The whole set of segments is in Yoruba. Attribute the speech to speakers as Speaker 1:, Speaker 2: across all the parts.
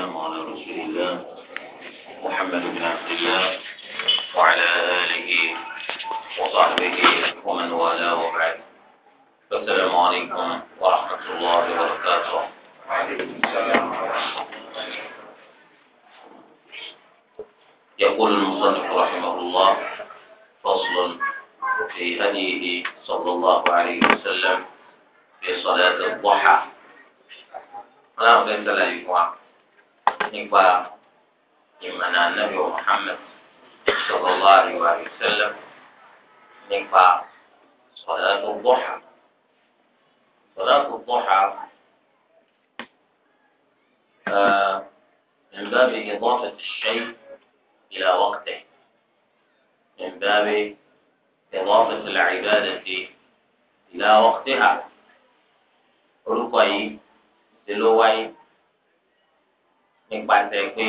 Speaker 1: والسلام على رسول الله محمد بن عبد الله وعلى آله وصحبه ومن والاه وبعد السلام عليكم ورحمة الله وبركاته يقول المصنف رحمه الله فصل في هديه صلى الله عليه وسلم في صلاة الضحى. أنا أقول لك nípa ìmọ̀nà anábì Muhammad sallallahu alaihi wa sallam nípa salatu duha salatu duha من باب إضافة الشيء إلى وقته من باب إضافة العبادة إلى وقتها orúkọ yìí ti ló wáyé nípasẹ̀ pé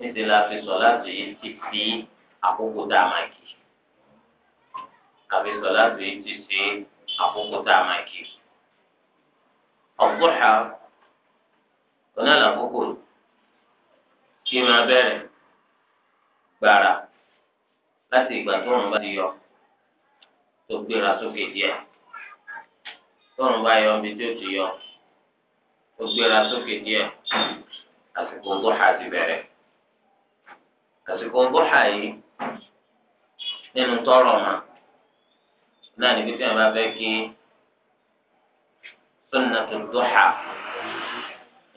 Speaker 1: níṣẹ́ la fi sọ láti yìí títí àkókò tá a máa kì í àfi sọ láti yìí títí àkókò tá a máa kì í. ọ̀gbọ́dà ọ̀nà làkókò kí máa bẹ̀rẹ̀ gbàrà láti ìgbà tó ń bá ti yọ tó gbéra sókè díẹ̀ tó ń bá yọ ibi tó ti yọ tó gbéra sókè díẹ̀ àsìkò dúhà ti bẹ̀rẹ̀ àsìkò dúhà yìí nínú tọrọ mà náà ní fífi àbá fẹ́ kí sunnatu dúhà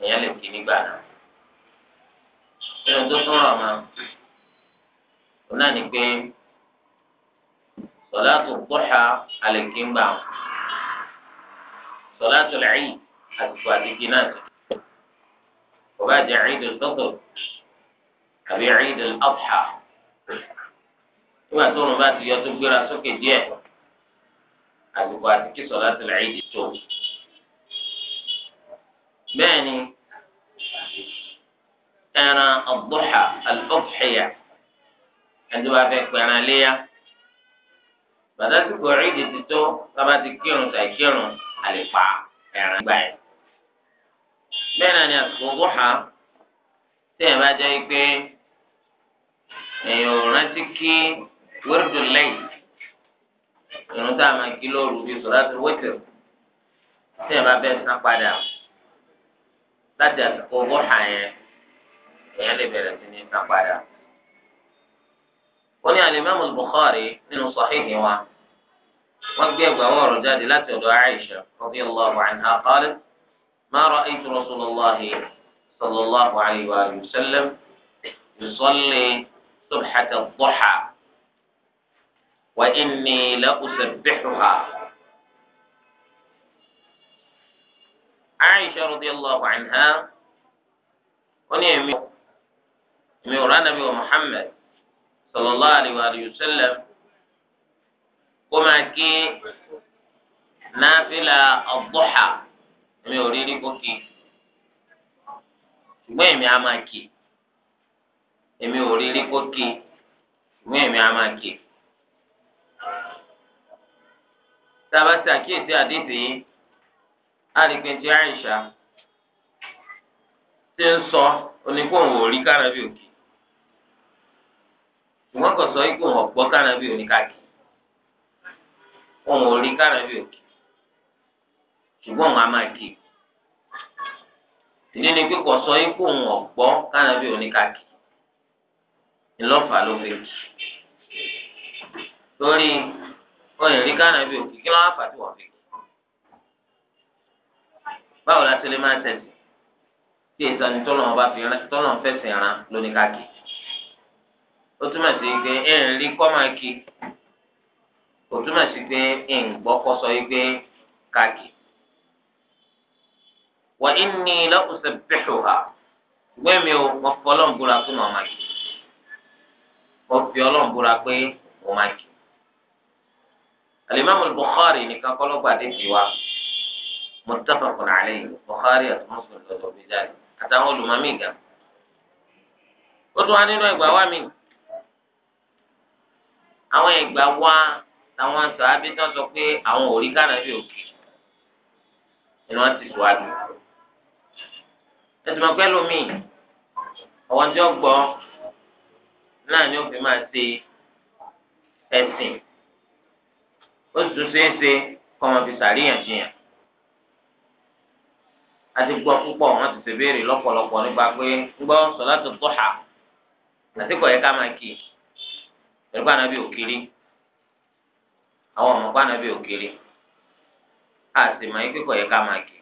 Speaker 1: ìyẹn lè kí nígbà náà nínú tó tọrọ mà náà ní pé sọláàtù dúhà àlèkíngbà sọláàtù lẹ́yìn àsìkò àdìgí náà kò bá jẹ́ ẹ̀ẹ́dì lọ́tọ̀ àbí ẹ̀ẹ́dì ọ̀pá nígbà tó wọn bá ti yọ tó gbéra sókè díẹ̀ àsìkò àti kí sọlá ti lè ẹ̀ẹ́dì tó bẹ́ẹ̀ ni ẹran ọ̀gbọ́hà alọ́fẹ̀yà ẹni wàá fẹ́ pẹ̀ràn léyà bàtà tí kò rí ìdí tó tábà ti kírun tàì kírun àlè pa ẹran gbà yẹn. bẹ́ẹ̀ náà ni àsìkò bóhá tẹ̀yìn bá jẹ́ pé èèyàn ò rántí kí wíìrìdù lẹ́yìn irun tá a máa kí lóru bíi sọ̀rọ̀ wẹ́tìrì tẹ̀yìn bá bẹ́ẹ̀ sá padà láti àsìkò bóhá yẹn èèyàn lè bẹ̀rẹ̀ sí ní sá padà. ní alimami Bukhari nínú wa wọ́n gbé ẹgbàá wọ̀rọ̀ jáde láti ọ̀dọ̀ Aisha radiyallahu anha ما رأيت رسول الله صلى الله عليه وآله وسلم يصلي سبحة الضحى وإني لأسبحها عائشة رضي الله عنها ونعم ميورا نبي محمد صلى الله عليه وآله وسلم وما كي نافلة الضحى mi ò rí rí gòkè ṣùgbọ́n èmi á máa kì
Speaker 2: èmi ò rí rí gòkè
Speaker 1: ṣùgbọ́n èmi á máa kì. sábà tí àkíyèsí àdéhùn yìí á rí pé tí àìsà ti ń sọ oníkóhùn ò rí kánábì òkè ṣùgbọ́n kò sọ ikú òhùn kánábì oníkàkì òhùn ò rí kánábì òkè ṣùgbọ́n òun á máa kì í ìdí ni pé kò sọ yín kó òun ọ̀gbọ́ kánàbí oníkàkì ńlọ́fà ló fi kì torí òun ìrí kánàbí òkè kí lọ́wọ́ fà tí wọ́n fi kì báwo la ti lè máa tẹ̀sí tí ìsọ̀nì tọ́lọ̀ ọba fi tọ́lọ̀ fẹ̀sìn ran lóníkàkì ó túmọ̀ sí pé ìrìn kọ́ máa kì kò túmọ̀ sí pé ìǹgbọ́kọ́ sọ yí pé kàkì wà inni la usabbihuha ìwé mi ò mọ fi ọlọ́run búra pé màá máa kì í mọ fi ọlọ́run búra pé mo máa kì í. alimami Bukhari nìkan kọ́ ló gbàdé fi wa muttafaqun alayhi Bukhari àti Muslim lọ́dọ̀ bí jáde àtàwọn olùmọ̀mí ga. ó tún wá nínú ẹgbàá wa mi àwọn ẹgbàá wa táwọn sọ abẹ́tán sọ pé àwọn òrí kánà bí òkè ni wọ́n ti sọ àdúgbò ẹtùmọ̀ pẹ́lú mi ọ̀wọ́n tí ó gbọ́ náà ni ó fi máa ṣe ẹ̀sìn ó sì tún ṣeé ṣe kọ́ wọn fi ṣàríyànjiyàn àti gbọ́ púpọ̀ wọ́n ti ṣe béèrè lọ́pọ̀lọpọ̀ nípa pé gbọ́ sọ̀láàtù dúhà àti kọ̀ yẹ ká máa kì í pẹ̀lú ànábì òkiri àwọn ọmọ pa ànábì òkiri àti màá yẹ kọ̀ yẹ ká máa kì í.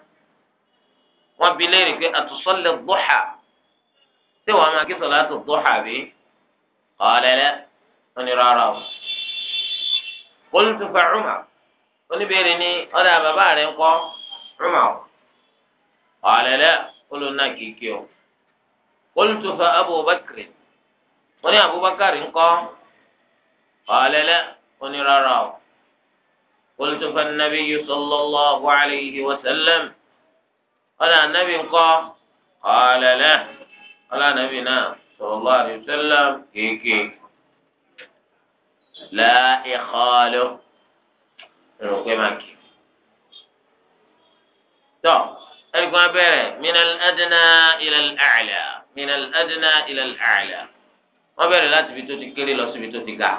Speaker 1: wọ́n bi léèrè pé àtúnṣọ́lẹ̀ dọ́xà ṣé wàá máa kí sọ̀lá tó dọ́xà bí? ọ̀lẹ́lẹ́ wọ́n ní rárá o. qultu fa Umar oníbèrè ni ọ̀dà bàbá rẹ̀ ń kọ́ Umar o. ọ̀lẹ́lẹ́ olùnà kìkì o. qultu fa Abubakar wọ́n ní Abubakar ń kọ́ ọ̀lẹ́lẹ́ wọ́n rárá o. qultu fa Nabiyyu sallallahu alayhi wa sallam. ọ̀là ànábì ńkọ́ ọ̀lẹ́lẹ́ ọ̀là ànábì náà sallallahu alaihi wasallam kéèké la ìkọ́lù ẹ̀rọ pé máa kì. tọ́ ẹ̀gbọ́n abẹ́rẹ́ minal adna ilal a'la minal adna ilal a'la wọ́n bẹ̀rẹ̀ láti ibi tó ti kéré lọ síbi tó ti ga.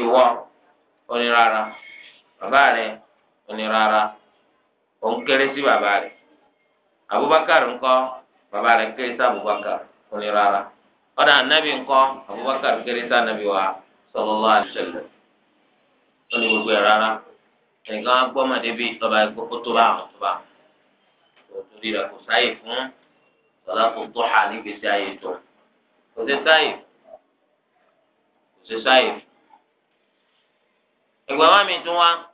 Speaker 1: ìwọ onírara bàbá rẹ onírara. òun kéré sí bàbá Abubakar Nkọ bàbá rẹ̀ kéré sí Abubakar òní rárá ọ̀dà anabi Abubakar kéré sí anabi wa sallallahu alaihi wasallam òní gbogbo ẹ̀ rárá ẹnìkan á ọ baa lọ́ba ẹ̀kọ́ àwọn tó òtúndì rẹ̀ kò sáyè fún tó hà ayé tó kò sí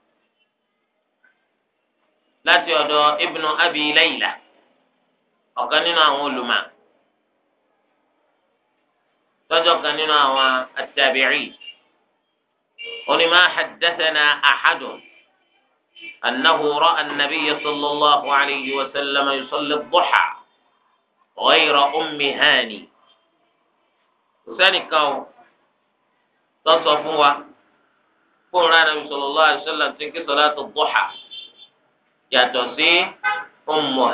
Speaker 1: láti ọ̀dọ̀ ibùnú abi lẹ́yìnlá ọ̀kan nínú àwọn olùmọ̀ tọ́jọ́ kan nínú àwọn at-tabi'i onímọ̀ haddathana ahadun annahu ra'a an-nabiy sallallahu alayhi wa sallam yusalli ad-duha ghayra ummi hani sẹ́nìkan tọ́sọ fún wa fún ránà sallallahu alayhi wa sallam tí kí salatu ad-duha. yàtọ̀ sí Ummu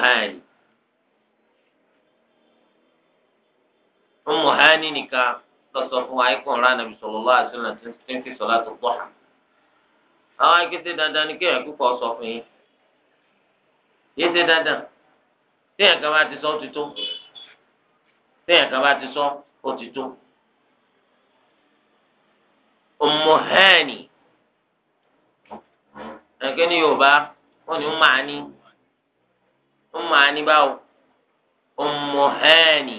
Speaker 1: Hani n'i nìkan lọsọ fún wa ikú ọ̀rọ̀ ànàbì sallallahu alaihi wasallam tí ń fi salatu duha àwọn akéde dandan ni kéèyàn kúkọ sọ fún yín yìí dandan téèyàn kan bá ti sọ ó téèyàn kan wọ́n ní ummaani ummaani báwo ummuhani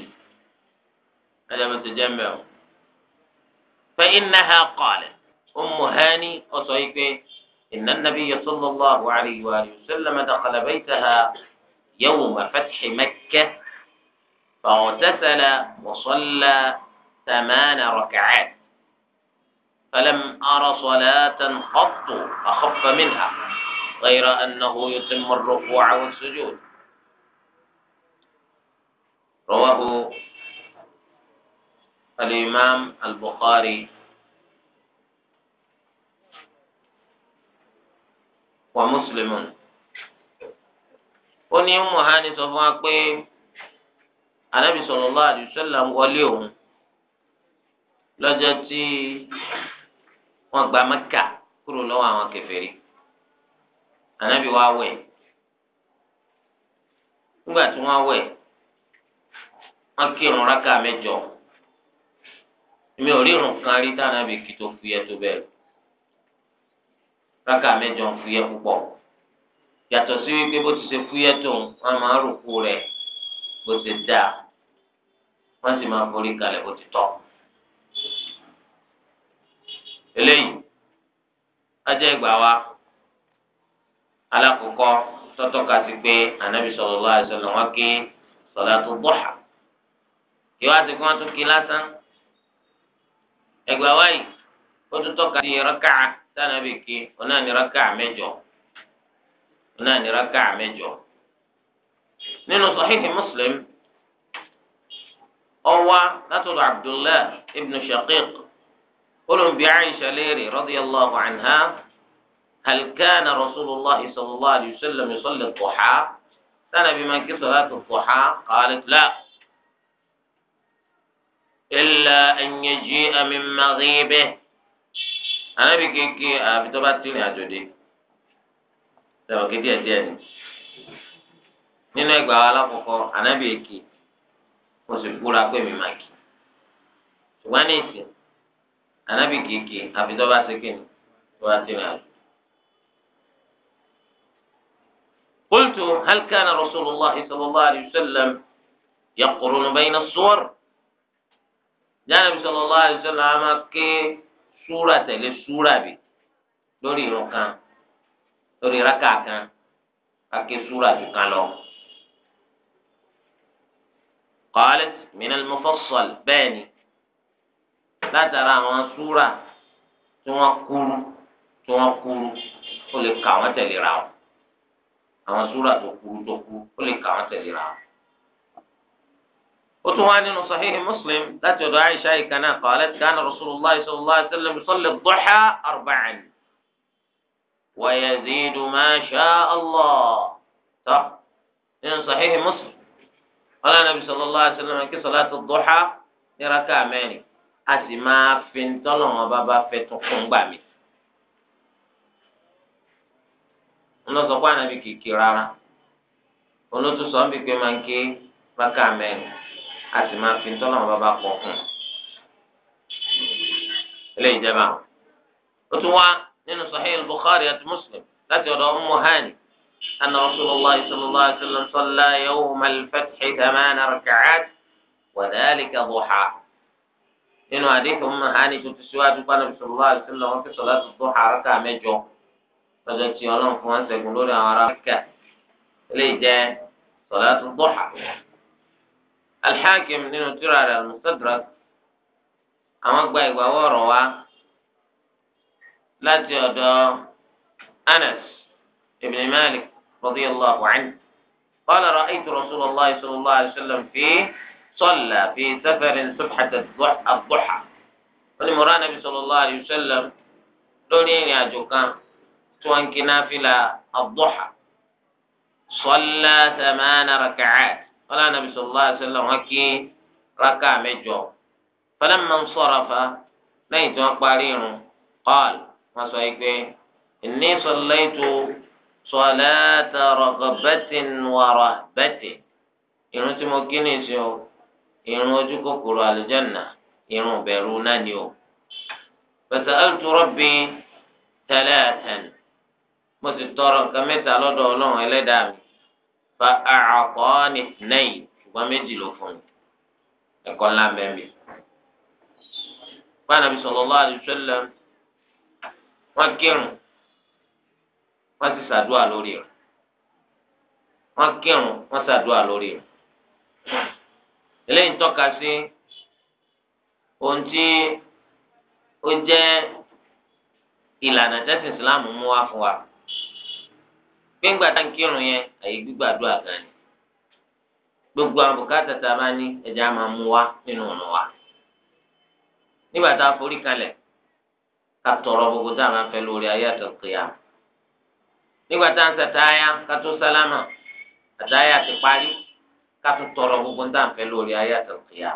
Speaker 1: ẹ̀dẹ̀mẹ̀ tó jẹ́ mbẹ́ o fẹ́ fa innaha qalat ummuhani ọ̀sọ́ yìí pé iná inna nabiyya sallallahu alayhi wa sallam dakhala baytaha yawma fathi makkah فاغتسل وصلى ثمان ركعات فلم أر صلاة قط أخف منها غير أنه يتم الركوع والسجود رواه الإمام البخاري ومسلم ó ní muhani sọ fún wa pé anabi sallallahu alaihi wasallam wọlé òun lọ́jọ́ tí wọ́n gba mẹ́kà kúrò lọ́wọ́ àwọn kèfèrí anabi wa wẹ̀ nígbà tí wọ́n wẹ̀ wọ́n kírun rákà mẹ́jọ mi ò rírun kan rí tá anabi kí tó fúyẹ́ tó bẹ́ẹ̀ rákà mẹ́jọ ń fúyẹ́ púpọ̀ yàtọ̀ sí wípé bó ti ṣe fúyẹ́ tó ń wọ́n máa rò kú rẹ̀ bó ti dáa wọ́n sì máa forí kalẹ̀ bó ti tọ́ eléyìí ajẹ́ ìgbà wa. alákòókò tọ́tọ́ka ti pe anabi sallallahu alaihi wasallam wọn kí salatu duha kí wọ́n ti kí wọ́n tún kí lásán ẹgbẹ́ wáyé ó tún mejo sí rákàá tánàbí kí ọ̀nà ní rákàá o ọ̀nà ní Muslim Abdullah ibn Aisha radiyallahu anha. هل كان رسول الله صلى الله عليه وسلم يصلي الضحى كان بمن صلاة الضحى قالت لا إلا أن يجيء من مغيبه أنا بكيكي أبتبتني أجدي tẹ̀wọ̀n kéde ẹ̀díẹ̀ ni nínú ẹgbàá wa alákọ̀ọ́kọ́ anábì èkì mo sì kúra pé mi máa kì ṣùgbọ́n ní ìsìn anábì kìkì àfi tó bá ṣe kìnnì tó bá ti rìn àjò قلت هل كان رسول الله صلى الله عليه وسلم يقرن بين الصور جاء النبي صلى الله عليه وسلم كي سورة للسورة بي لوري يوكان لوري ركع كان أكي سورة كان قالت من المفصل باني لا ترى من سورة ثم كورو ثم كورو قل راو لراو àwọn súrà tó kúrú tó kú ó lè kà wọ́n tẹ̀lé ra wọn. وتوان صحيح مسلم لا تدعى عائشة كان قالت كان رسول الله صلى الله عليه وسلم يصلي الضحى أربعا ويزيد ما شاء الله صح من صحيح مسلم قال النبي صلى الله عليه وسلم كي صلاة الضحى ní raka mẹ́rin a sì máa fi ń tọ́lọ̀ wọn bá bá fẹ́ tún fún gbà mí. ńlọ sọ pé ànábì kìkì rárá olótú sọ ń bí pé máa ń ké bákà mẹ́rin a sì máa fi tọ́lọ̀ wọn bá pọ̀ kùn ilé ìjẹba ó tún wá nínú sahih al-bukhari àti muslim láti ọ̀dọ̀ ummu hani anna rasulullah sallallahu alayhi wa sallam salla yawma al-fathi thamana raka'at wa dhalika duha nínú àdéhùn ummu hani tó ti síwájú bá wa sallam wọn fi salatu duha rákà mẹ́jọ. lọ́jọ́ tí ọlọ́run fún wọn ṣẹ́gun lórí àwọn ará mẹ́kà lè tó sọ̀láàtù dọ́hà. alḥakim nínú tírà rẹ̀ al-mustadrak àwọn gba ìgbà wọ̀rọ̀ wa láti ọ̀dọ̀ anas ibn malik rọdí allah radiyallahu anhu qala ra'aytu rasulallahi sallallahu alayhi wa sallam fi صلى في سفر سبحة الضحى. الضحى. ولمران النبي صلى الله عليه وسلم lórí ìrìn àjò kan tí wọ́n ń kí náfìlà ad-duha salla thamana raka'at wala nabi sallallahu alaihi wasallam wọ́n kí raka mẹ́jọ falamma nsarafa lẹ́yìn tí wọ́n parí irun qal wọ́n sọ yìí pé inni sallaytu salata raghabatin wa rahbatin irun tí mo kí ní ìsìn o irun ojú kòkòrò àlùjánnà irun bẹ̀rù náà ni o. fasaltu rabbi talatan mo sì tọrọ nǹkan mẹ́ta lọ́dọ̀ ọlọ́run ẹlẹ́dàá mi fa àkọ́ ni nẹ́yìn ṣùgbọ́n méjì ló fún mi ẹ̀kọ́ ńlá mẹ́mi. báyìí nàbí sallallahu alaihi wasallam wọ́n kírun wọ́n sì ṣàdúrà lórí rẹ̀ wọ́n kírun wọ́n ṣàdúrà lórí rẹ̀ eléyìí tọ́ka sí ohun tí ó jẹ́ ìlànà tẹ́sí ìsìláàmù mú wá fún wa gbẹ̀ngbà tá ń kírun yẹn àyè gbígbàdúrà gan ni gbogbo àwọn bùkátà tá a bá ní ẹ̀jẹ̀ á máa mú wa nínú ọ̀nà wa nígbà tá a forí kalẹ̀ ká tọrọ gbogbo tá a máa fẹ́ lórí ayé àtọ̀kìyà nígbà tá a ń sàtáyà ká tó sálámà àtáyà ti parí ká tó tọrọ gbogbo tá a fẹ́ lórí ayé àtọ̀kìyà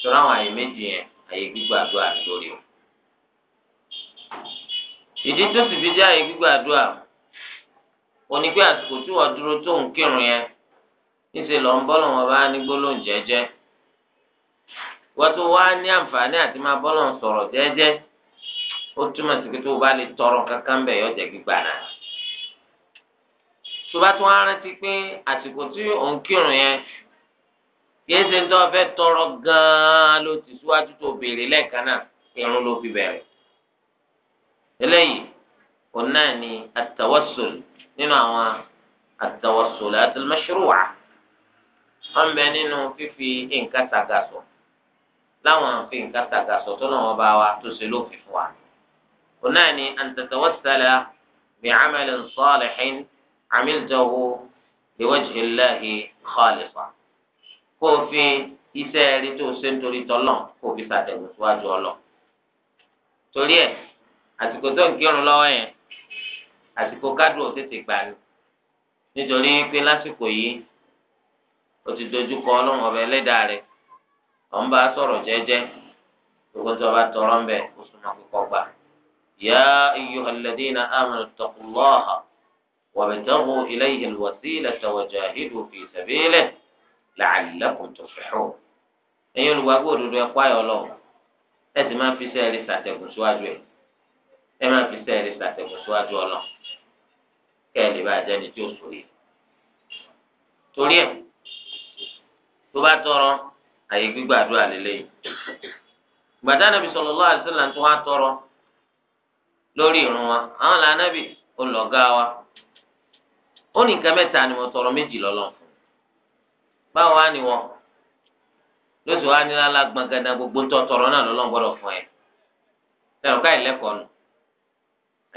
Speaker 1: tọrọ àwọn àyè méjì yẹn àyè gbígbàdúrà lórí o ìdí tó sì fi jẹ́ àyè gbígbàdúrà onígbé àsìkò tí wọ́n dúró tó ń kírun yẹn níṣẹ́ lọ ń bọ́lọ̀ wọn bá ní gbólóhùn jẹ́jẹ́ wọ́n tó wá ní àǹfààní àti máa bọ́lọ̀ sọ̀rọ̀ jẹ́jẹ́ ó túmọ̀ sí pé tó o bá lè tọrọ kankan bẹ̀ yọ jẹ́ gbígbà náà tó bá tún rántí pé àsìkò tí òun kírun yẹn kìí ṣe tó fẹ́ tọrọ gan-an ló ti síwájú tó béèrè lẹ́ẹ̀kan náà irun ló fi bẹ̀rẹ̀ eléyìí òun náà ni at nínú àwọn at-tawassulat al-mashru'a wọn bẹ nínú fífi nǹkan tàgàsọ láwọn fi nǹkan tàgàsọ tó náà wọn bá wa tó ṣe lófin fún wa òun náà ni an tatawassala bi'amalin salihin amiltahu liwajhi Allahi khalisan rí tó ṣe ń torí tọ́lọ̀ kó o fi torí ẹ̀ àsìkò tó ń yẹn àsìkò kádùn ò tètè gbà ní nítorí pé lásìkò yìí o ti dojú kọ ọlọ́run ọba ẹlẹ́dàá rẹ ọ̀n bá sọ̀rọ̀ jẹ́jẹ́ gbogbo tí wọ́n bá tọrọ ń bẹ̀ kó súnmọ́ kíkọ́ gbà. ya ayyuhal ladina amanu taqullaha wabtaghu ilayhi alwasilata wajahidu fi sabilihi la'allakum tuflihun. ẹ̀yin olùwàgbọ́ òdodo ẹ̀ pààyọ̀ ọlọ́run ẹ̀ sì máa fi sẹ́ẹ̀rì sàtẹ̀kùn síwájú ẹ̀ ẹ̀ máa fi sẹ́ẹ̀rì sàtẹ̀kùn síwájú ọlọ́run kẹ́ẹ̀lì bá jẹ́ni tí ó sòrí. torí ẹ̀ tó bá tọrọ àyè gbígbàdúrà lélẹ́yìn. gbàdá nàbì sallallahu alaihi wasallam tó wá tọrọ lórí ìrun wa àwọn làánàbì olùlọ́gá wa ó ní nǹkan mẹ́ta ni mo tọrọ méjì lọ́lọ́ fún un báwo á ní wọn lóṣù wa ní lálá gbọ̀ngàdà gbogbo tó tọrọ náà lọ́lọ́ gbọ́dọ̀ fún ẹ lẹ́nu ká ìlẹ́kọ̀ọ́ nù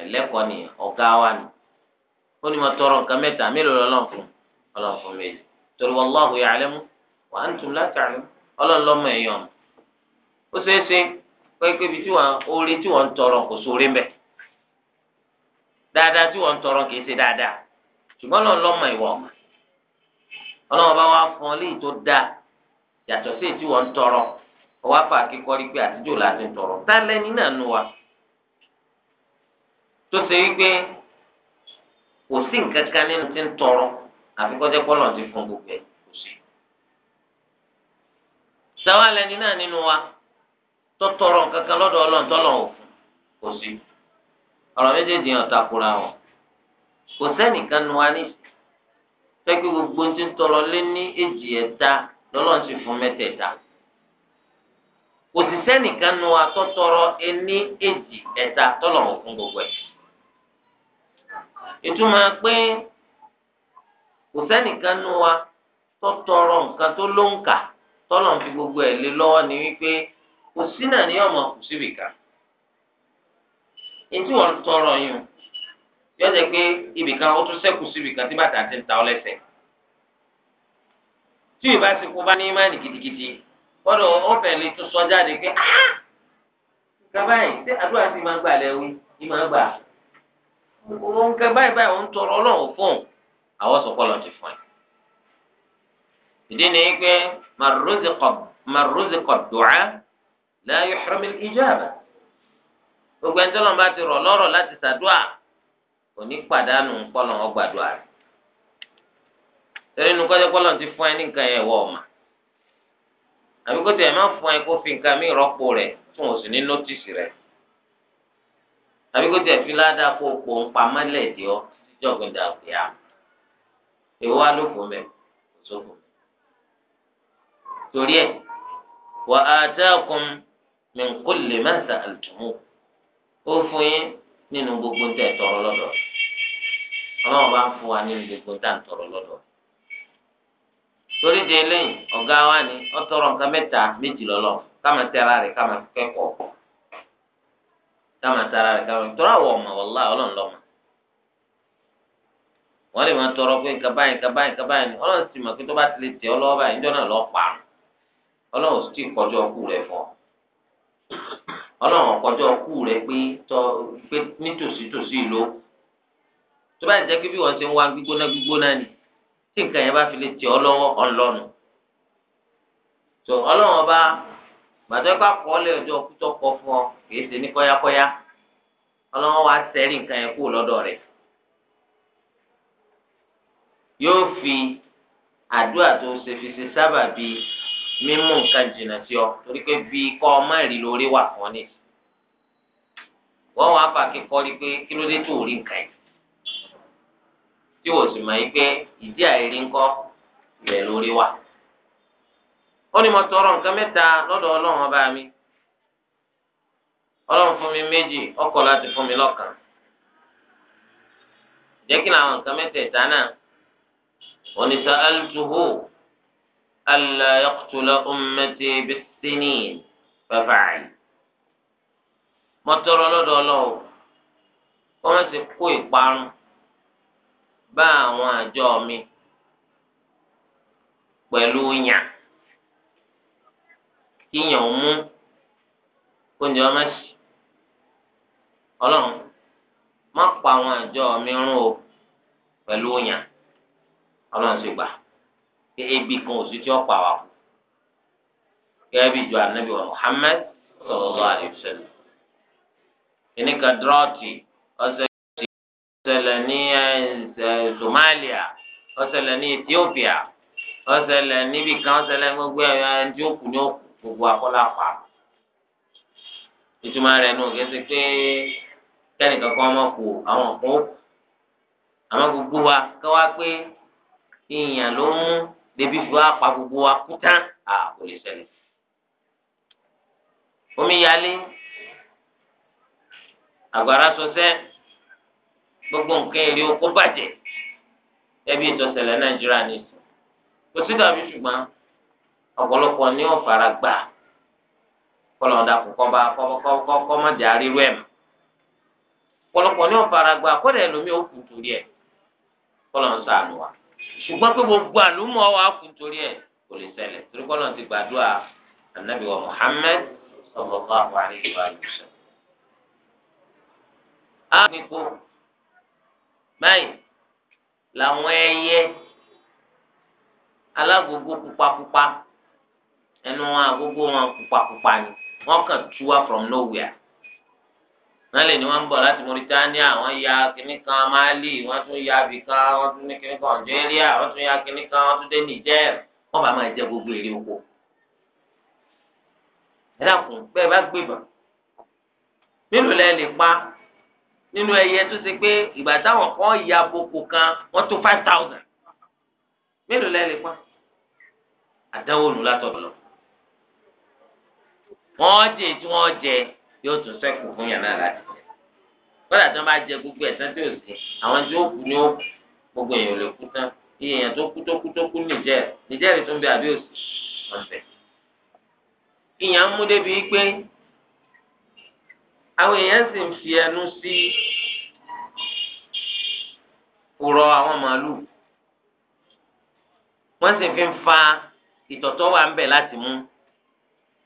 Speaker 1: ìlẹ́kọ̀ọ́ nìyẹn ọ̀gá wa nù ó ní mo tọrọ nǹkan mẹ́ta mélòó ọla fún ọlọ́run fún méjì torí ya ya'lamu wa antum la ta'lamun ọlọ́run lọ́mọ ẹ̀yàn ó ṣeé ṣe pé ibi tí wọ́n orí tí wọ́n ń tọrọ kò sóore mbẹ́ dáadáa tí wọ́n ń tọrọ kì í ṣe dáadáa ṣùgbọ́n ọlọ́run lọ́mọ ọ̀mà ọlọ́run bá wá fún ọ léyìí tó dáa yàtọ̀ sí èyí tí wọ́n ń tọrọ ọwọ́ tọrọ náà tó ṣe kò sí nǹkan kan nínú tí ń tọrọ àfi kọjá pọlọ ti fún gbogbo ẹ kò sí. sáwá lẹni náà wa tó tọrọ nǹkan kan lọ́dọ̀ tọlọ ò fún kò sí. ọ̀rọ̀ méjèèjì yẹn ọ̀tá kura wọn kò sẹ́nìkan nu wa ní pẹ́kí gbogbo ti ń tọrọ lé ní èjì ẹ̀ta lọ́lọ́run sì fún mẹ́tẹ̀ẹ̀ta kò sì sẹ́nìkan nu wa tó tọrọ ẹni èjì gbogbo ẹ̀. ìtumọ̀ pé kò sẹ́nìkan nu wa tó tọrọ nǹkan tó ló ń kà tọ́lọ̀ ń fi gbogbo ẹ̀ lé lọ́wọ́ ni wípé kò sí náà ní ọmọ kò síbi kà ètí wọn tọrọ yìí yọ jẹ pé ibìkan ó tún ṣẹ́kù síbi kan tí bàtà ti ń ta ọ lẹ́sẹ̀ tí ìbá ti kú bá ní ìmáàlì gidigidi gbọ́dọ̀ ó lè tún sọ jáde pé ah gàbáyé ṣé àdúrà sì máa gbà lẹ́wí ìmáà gbà á òun kẹ báyìí báyìí òun tọrọ ọlọ́run fún àwọn sọ̀kọ́ lọ́n ti fún ẹ. ìdí ni pé màrúzìkọ̀ dùá la yuhram al-ijaba gbogbo ẹni tọ́lọ́n bá ti rọ̀ lọ́rọ̀ láti sàdúà kò ní pàdánù pọ́lọ́n ọgbàdúà rẹ̀ torí nu kọ́jọ́ pọ́lọ́n ti fún ẹ ní nǹkan yẹn wọ ọ̀ma àbíkó tẹ̀ máa fún ẹ kó fi nǹkan mí rọ́pò rẹ̀ tún òsì ní nọ́tìsì rẹ̀ tàbí kó tẹ̀ fi ládàá kó o pò ń pamọ́ lẹ́ẹ̀dẹ́ ọ títí ọ̀gbìn dà òkè á èwo wá ló fún mẹ kò sófò torí ẹ wa ataakum min kulli ma sa'altumu ó fún yín nínú gbogbo tẹ tọrọ lọ́dọ̀ Ọlọ́run bá ń fún wa nínú gbogbo tẹ tọrọ lọ́dọ̀ torí de eléyìí ọ̀gá wa ni ó nǹkan mẹ́ta méjì lọlọ tẹ ara rẹ̀ ká máa táwọn tara káwọn tọrọ àwọ ọmọ wọlá Ọlọ́run lọmọ wọn lè máa tọrọ pé nǹkan báyìí nǹkan báyìí nǹkan báyìí sì pé tẹ ọ báyìí níjọ́ náà lọ parun Ọlọ́run sì ti kọjọ ọkù rẹ fọ Ọlọ́run kọjọ ọkù rẹ pé tọ pé nítòsí tòsí ìlú tó bá pé bí ń wá gbígbóná tẹ gbàtọ́ ká kọ́lẹ̀ ọjọ́ kútọ́ kọ fún ọ kìí ṣe ní kọ́yákọ́yá ọlọ́wọ́ wa sẹ́rìn nǹkan yẹn kúrò lọ́dọ̀ rẹ̀ yóò fi àdúrà tó ṣe fi ṣe sábà bí mímú nǹkan jìnnà sí ọ torí pé bí kọ́ ọ má rí lórí wà fún ọ ní. wọ́n wá fà kí kọ́rí pé kí ló dé tó rí nǹkan yìí tí wò sì mọ̀ yìí pé ìdí àìrí ńkọ́ rẹ̀ lórí wà ó ní mo tọrọ nǹkan mẹ́ta lọ́dọ̀ ọlọ́run ọba mi ọlọ́run fún mi méjì ọkọ̀ láti fún mi lọ́kan jẹ́ kí làwọn nǹkan mẹ́tẹ̀ẹ̀ta náà wọ́n ní sa'altuhu alla yaqtula ummati bis-sinin fafa'al mo tọrọ lọ́dọ̀ ọlọ́run kó má ṣe kó ìparun bá àwọn àjọ mi pẹ̀lú yàn kíyàn ń mú oúnjẹ ọmọ sí ọlọ́run má pa àwọn àjọ mi rún o pẹ̀lú òyàn ọlọ́run sì gbà kí ebi kan ò sí tí ó pa wá kú gẹ́gẹ́ bí ìjọ anabi wa Muhammad sallallahu alaihi wasallam kìnnìkan dúrọ́ọ̀tì ọ̀sẹ̀ ọ̀sẹ̀lẹ̀ ní Somalia ọ̀sẹ̀lẹ̀ ní Ethiopia ọ̀sẹ̀lẹ̀ níbìkan ọ̀sẹ̀lẹ̀ gbogbo ẹ̀ ẹ̀ ń tí ó kù ní òkú gbogbo akọ́lá pa ìtumọ̀ rẹ̀ nù kẹsẹ̀ pé kẹ́nìkan kan ọmọ kù àwọn kún àmọ́ gbogbo wa kọ́ wa pé ìyàn ló mú débi fi wá pa gbogbo wa kú tán à kò lè ṣẹlẹ̀ omi yalé àgbàrá sọsẹ gbogbo nǹkan èrè oko bàjẹ́ ẹbí ìtọ́sẹ̀lẹ̀ nàìjíríà nìyí kò sí dàbí ṣùgbọ́n ọ̀pọ̀lọpọ̀ ní ọ̀fara gbà kọlọ̀ọ̀dà kọ̀ọ̀kan bá kọ́kọ́ má jà rírú ẹ̀ mọ́ ọ̀pọ̀lọpọ̀ ní ọ̀fara gbà kọ́dà ẹlòmí ó kù torí ẹ̀ kọlọ̀ọ̀n sànù wa ṣùgbọ́n pé gbogbo àlùmọ̀ wa kù torí ẹ̀ kò lè ṣẹlẹ̀ torí kọlọ̀ọ̀n ti gbàdúrà anabi wa Muhammad sallallahu alaihi wa sallam. a ní kó báyìí làwọn ẹyẹ alágbogbo pupapupa ẹnu wọn àgógó wọn pupapupa ni wọn kàn tú wa from nowhere wọn lè ní wọn ń bọ̀ láti Mauritania wọn ya kínní kan Mali wọn tún ya abìkan wọn tún ní kínní kan Algeria wọn tún ya kínní kan wọn tún dé Niger wọn bá máa jẹ gbogbo èrè oko ẹ dàkún bẹ́ẹ̀ bá gbébọn mélòó lẹ lè pa nínú ẹyẹ tó ṣe pé ìgbà táwọn kan ya boko kan wọn tó five thousand mélòó lẹ lè pa àdánwò nù látọ̀dọ̀ lọ wọ́n jẹ tí wọ́n jẹ yóò tún ṣẹ́kù fún yàrá láti jẹ kódà tí wọ́n bá jẹ gbogbo ẹ̀san tí ò sí àwọn tí ó kú ni ó kú gbogbo èèyàn ò lè kú tán iye èèyàn tó kú tó kú tó kú nìjẹ nìjẹ rẹ tún bẹ àbí òsì wọn bẹ ìyàn mú débi pé àwọn èèyàn sì ń fi ẹnu sí ọ̀rọ̀ àwọn màálù wọ́n sì fi ń fa ìtọ̀tọ̀ wà ń bẹ̀ láti mú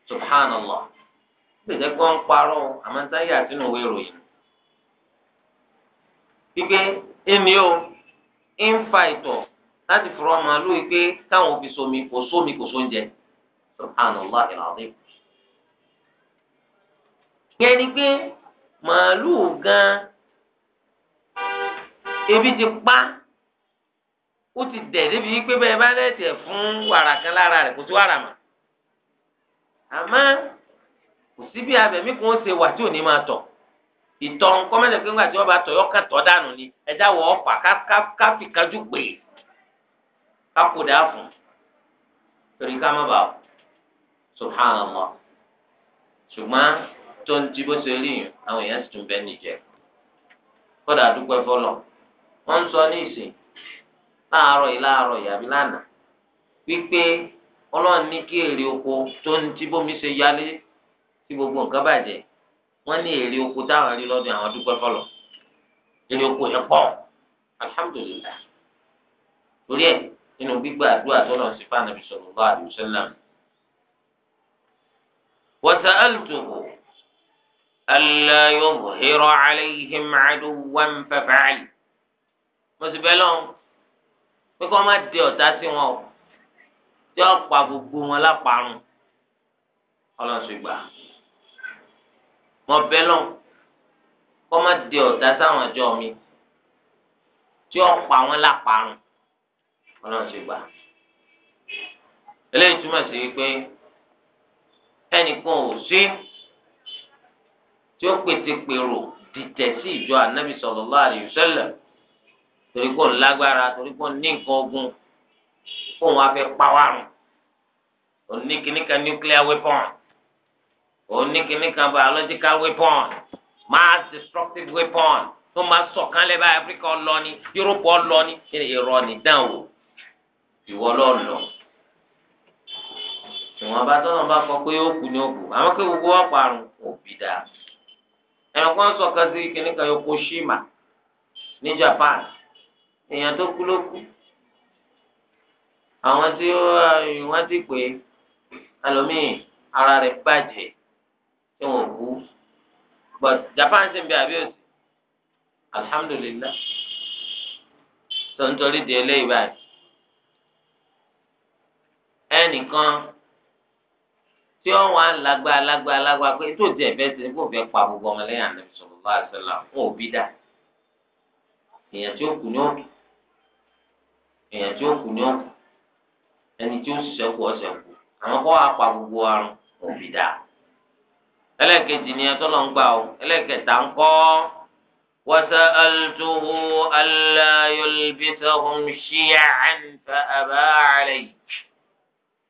Speaker 1: subhanallah gbèsè pé wọn parọ́ àmọ́ sáyé àtinú òwe ròyìn pípé èmi o ń fa ìtọ̀ láti fọrọ ọmọ lóye pé táwọn òbí somi kò sómi kò sóúnjẹ subhanallah al-azim. yẹn ni pé màálùú gan ebi ti pa ó ti dẹ̀ débi wípé bẹ́ẹ̀ bá lẹ́tẹ̀ fún wàrà kan lára rẹ̀ kò sí wàrà mọ́ àmọ́ kò sí bí abẹ̀mí kan ṣe wà tí ò ní máa tọ̀ ìtọ̀ kọ́mẹ́tẹ̀ pé ńgbà tí wọ́n bá tọ̀ yọkàn tọ̀ dànù ni ẹja wọ̀ ọ́fà káfí kájú pé kákòdà fún torí ká má bàa subhanallah ṣùgbọ́n tó ń jí bó ṣe rí yìí àwọn èèyàn sì tún bẹ́ẹ̀ nìjẹ́ kódà dúpẹ́ fọlọ́ wọ́n ń sọ ní ìsìn láàárọ̀ yìí láàárọ̀ yìí àbí lánàá wípé ọlọ́run ní kí èrè oko tó ń tí bómi ṣe yálé tí gbogbo nǹkan bàjẹ́ wọ́n ní èrè oko táwọn rí lọ́dún àwọn dúpẹ́ fọlọ̀ èrè oko yẹn pọ̀ alhamdulilah torí ẹ̀ nínú gbígbà àdúrà tó lọ́n sí fáànàbí sallallahu alaihi wasallam. wa sa'altuhu alla yuzhira alayhim aduwwan fafa'al. mo sì bẹ́ lọ́n pé kí má di ọ̀tá sí wọn o tí ó pa gbogbo wọn láparun ọlọ́sùgbà wọn bẹ́ lọ kọ́ má di ọ̀dá sáwọn ọjọ́ mi tí ó pa wọn láparun ọlọ́sùgbà eléyìí túmọ̀ sí pé ẹnìkan ò sí tí ó pètè pèrò dìtẹ̀ sí ìjọ ànábì sallallahu alaihi wasallam torí kò lágbára torí kò ní nǹkan ogun fóun wá fẹ́ pàwárùn oníkìníkan nuclear weapon oníkìníkan biological weapon mass destructive weapon tó máa sọ̀kánlẹ̀ bá Áfíríkà ọlọ́ni Yúróòpù ọlọ́ni ìrọ̀ nìdán o ìwọ lọ́ọ̀lọ́ ìwọ̀n bá tọ́nà bá kọ pé ó kù ní òkú àwọn pé gbogbo wọn parun òbí dá ẹ̀rọ kan sọ̀kan sí kìnìkan Yokoshima ní Japan èèyàn tó kú ló kú àwọn tí wọ́n ti pè alòmíì ara rẹ̀ bàjẹ́ tí wọ́n kú but Japan ṣe ń bẹ àbí òsì alhamdulillah tó ń torí di eléyìí báyìí ẹnìkan tí ó wà lágbá lágbá lágbá pé tó tiẹ̀ fẹ́ ṣe kó fẹ́ pa gbogbo ọmọlẹ́yìn Ànábì sallallahu alaihi wasallam fún òbí dà èèyàn tí ó kù ní òkè èèyàn tí ó kù ní òkè ẹni tí ó sẹ́kù ọ̀sẹ̀kù àwọn kọ́ apá gbogbo àrùn òbí dà ẹlẹ́ẹ̀kejì ni ẹtọ́ lọ ń gbà ó ẹlẹ́ẹ̀kẹta ń kọ́ وسألته ألا يلبسهم شيعا فأبى عليه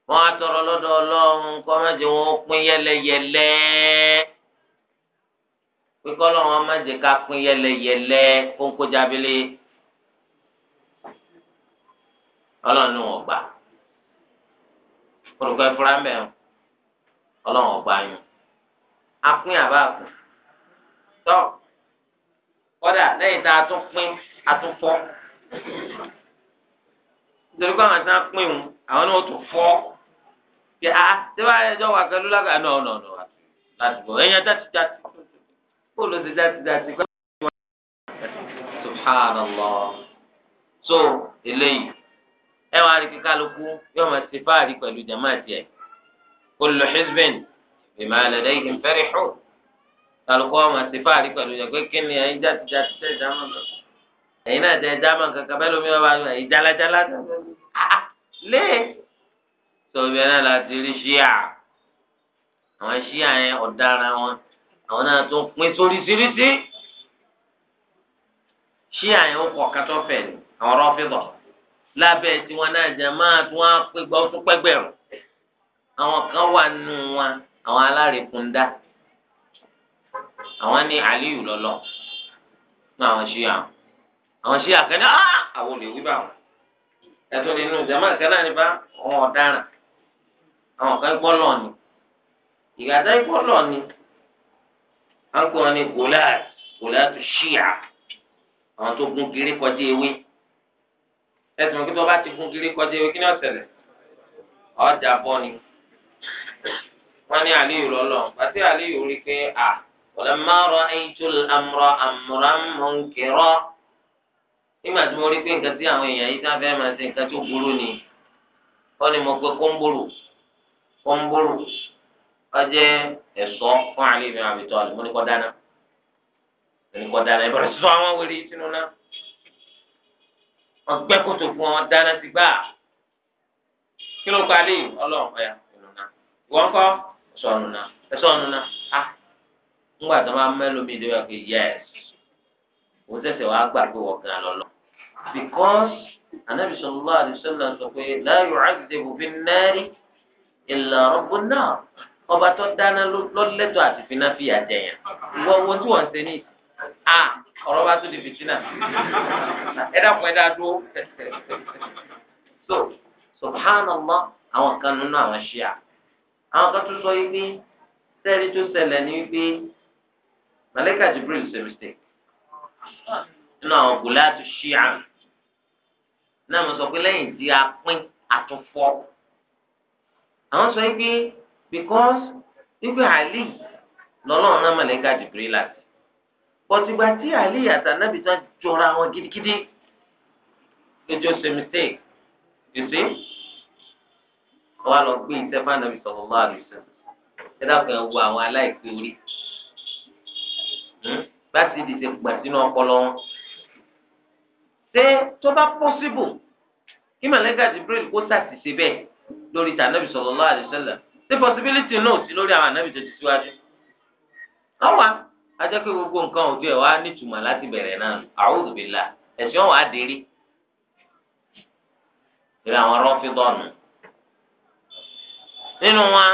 Speaker 1: wọ́n á tọrọ lọ́dọ̀ Ọlọ́run kọ mẹjẹ wọn pín yẹlẹyẹlẹ pípọ́ lọ́wọ́n mẹjẹ ká pín yẹlẹyẹlẹ kónkójábílẹ̀ Ọlọ́run ni wọ́n gbà olùkọ́ ìfura ń bẹ̀rù ọlọ́run ọgbà yun apín àbá àpò tọ́ kọ́dà lẹ́yìn tá a tún pín a tún fọ́ nítorí pé àwọn tí wọ́n pín un àwọn náà tún fọ́ pé a ah, ṣé wàá ẹjọ́ wà pẹ̀lú lágbàá náà ọ̀nà ọ̀nà láti bọ̀ ẹ̀yàn jáde jáde kó ló ti jáde jáde gbá. subhanallah so eléyìí ẹ wá rí kíkálukú yóò máa ṣe fáàrí pẹ̀lú jamaati ẹ̀ kullu hizbin bima ladayhim farihun kálukú wọn máa ṣe fáàrí pẹ̀lú jàgbé kí ni ẹ̀yin jáde jáde tẹ̀ jámà kankan ẹ̀yin náà tẹ̀ jámà kankan bẹ́ẹ̀ lómi wọn bá yọ ẹ̀yin jálajálá ah, ah, lé tóbi náà láti rí ṣíà àwọn ṣíà yẹn ọ̀daràn wọn àwọn náà tún pín sóríṣiríṣi ṣíà yẹn ó kọ̀ kátó fẹ̀ ní àwọn lábẹ́ tiwọn náà jẹ́ máa tún wá pé gbọ́ tún pẹ́gbẹ̀rún àwọn kan wà nù wọn àwọn alárèkúndá àwọn ní aliyu lọlọ náà àwọn ṣíà àwọn ṣíà kan ní àwọn olè wí báwọn ẹ̀tọ́ nínú jama kan náà ní bá àwọn ọ̀daràn àwọn kan gbọ́ lọ́ọ̀ni ìgbàdá gbọ́ lọ́ọ̀ni à ń pè wọn ní gòláàtì gòláàtì ṣíà àwọn tó gún kiri kọjá ewé ẹsùn kí tó bá ti gun kiri kọjá ewé kí ni ọ̀sẹ̀lẹ̀ ọjà bọ́ ni wọ́n ní Aliyu lọ́lọ́ pàtí àlíyù rí pé à ọ̀lẹ́mọ́ rọ ẹyin tó amúra amúra mọ̀ ń kẹrọ nígbà tí mo rí pé nǹkan tí àwọn èèyàn yìí sáfẹ́ máa ṣe nǹkan tó burú ni wọ́n ní mo pé kóńbòrò kóńbòrò ọjẹ́ ẹ̀sọ́ fún àlíyù àbìtọ́ àlùmọ́nìkọ́ dáná ẹnìkọ́ dáná ìbọ̀rẹ̀ sísọ àwọn wẹ̀rẹ̀ sínú wọn gbẹ́ kòtò fún wọn dáná sí gbà kí ló gba léyìn Ọlọ́run ọyà ìnùnà ìwọ ńkọ́ ẹsọ ọnùnà ẹsọ ọnùnà a ah! ńgbà tó máa mẹlò mi ìdíwọ pé yẹs òun ṣẹ̀ṣẹ̀ wàá gbà pé wọn gan lọlọ because anabi sallallahu alaihi wasallam sọ pé la yu'adhibu bin nari illa rabbun nar ọba tó dáná lọlẹtọ àti fínáfíà jẹyàn ìwọ wo tí wọn ṣe ọ̀rọ̀ bá tún di fìtínà ẹ dàpọ̀ ẹ dáa dúró so subhanallah àwọn kan nínú àwọn ṣíà àwọn kan tún sọ yìí pé sẹ́ẹ̀rí tó ṣẹlẹ̀ ní pé malika jibril ṣe mistake nínú àwọn gùlátù ṣíà náà mo sọ pé lẹ́yìn tí a pín àtúnfọ́ àwọn sọ yìí pé because wípé àlì lọ́lọ́run náà malika jibril láti pọtugba tí àlè àtànàbì tán jọra wọn gidigidi ẹjọ ṣe mistake ṣèṣe wọn lọ gbé ìtẹfà nàbì sọlọ bá àlùsàn ẹ dákun ẹ wo àwọn aláìpé orí láti hmm? di ṣe gbà sínú ọpọlọ wọn ṣé tó bá pọsibù kí màlẹ́kà jibril kó ṣàṣìṣe bẹ́ẹ̀ lórí tànàbì sọlọ bá àlùsàn ṣe possibility náà sí lórí àwọn ànàbì tó ti síwájú. ọ̀wá ajẹ́ pé gbogbo nǹkan ojú ẹ̀ wá nítumọ̀ láti bẹ̀rẹ̀ náà a'udhu billah ẹ̀sìn ọ̀hún adérí ìrẹ̀ àwọn rọ́fídọ́ọ̀nù nínú wa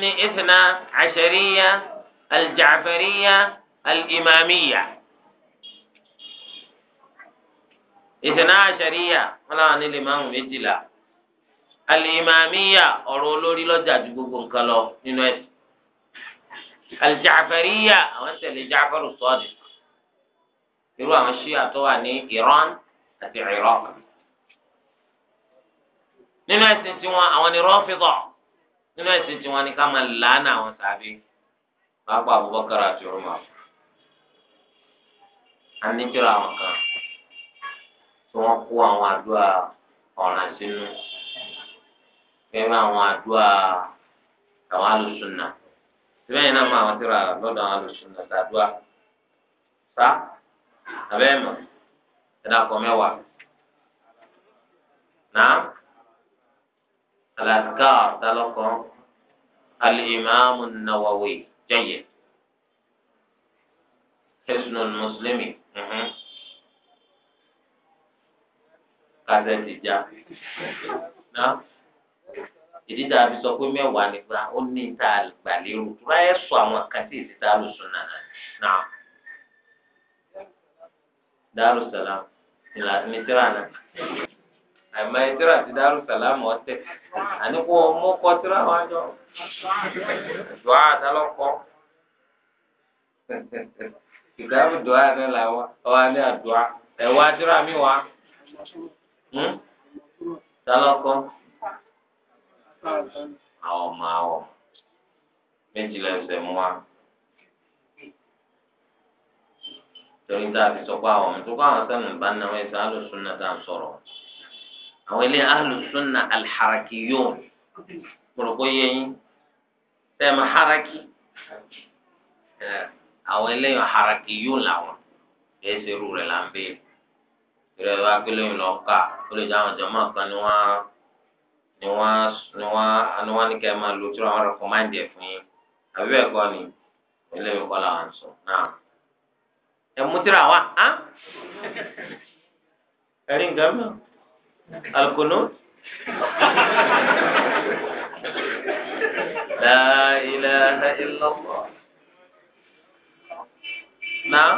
Speaker 1: ní ìsìnà àṣẹríyà alìjàfẹ̀ríyà alìmàmíyà ìsìnà àṣẹríyà wọn làwọn nílé máàmù méjìlá alìmàmíyà ọ̀rọ̀ olórí lọ́jà ju gbogbo nǹkan lọ nínú ẹ̀sìn aljafariya àwọn tẹ̀lé jafaru sọ́ọ̀dì irú àwọn ṣíà tó wà ní Iran àti Iraq nínú ẹ̀sìn tiwọn àwọn ni rọ́fìdọ̀ nínú ẹ̀sìn tiwọn ni ká máa làánà àwọn tàbí pápá Abubakar àti Umar anijọra àwọn kan tí wọ́n kó àwọn àdúrà ọ̀ràn sínú fẹ́ẹ́ àwọn àdúrà àwọn alùsùnà sibẹ́yìn náà máa wọn ti ra lọ́dọ̀ àwọn alùsùn náà dàdúrà sá abẹ́ mọ̀ ẹ̀dá kọ mẹ́wàá náà alàtúkà ọ̀tálọ́kọ alìmọ́àmù nàwàwì jẹ́yẹ hẹ́sùnùn mùsùlùmí mhm. kásẹ̀tì já náà ìdí tá a fi sọ pé mẹ́wàá nípa ó ní tá a gbà lérò tó bá yẹ sọ àwọn kan tí ìdí tá a lò sùn nànà náà Darussalam ní tíra náà àmọ́ tíra ti Darussalam ọ̀tẹ̀ àníkó ọmọ kọ tíra wọn jọ dùá àdálọkọ ìdáàbò dùá náà làwọn ọwọ́ alẹ́ àdùá ẹ̀wọ́ àdúrà mi wá hmm? tálọ́kọ́ àwọn ọmọ àwọ̀ méjìlá ẹsẹ̀ mú wa. torí tá a fi sọ pé àwọn ọmọ tó kọ́ àwọn sẹ́nu bá náwó ẹsẹ̀ alùsùnà tá à ń sọ̀rọ̀ àwọn ilé alùsùnà alḥaraki yóò kúròkó yẹyin sẹ́mu haraki àwọn ilé haraki yóò làwọn ẹsẹ̀ rú rẹ̀ là ń béèrè ìrẹ̀lẹ̀ wa lọ́ọ́ ká ó jọmọ́ kan ni wọ́n á. ni wọ́n ni wọ́n ni wọ́n ní kẹ́ máa lo tí wọ́n rẹ̀ fún máìndì ẹ̀ fún yín àbí bẹ́ẹ̀ kọ́ ni ke maa lu kọ́ máa ń jẹ fun yin sọ náà. ẹ mú tíra wa á ẹ̀rí nǹkan mọ́ alukono la ilaha illallah náà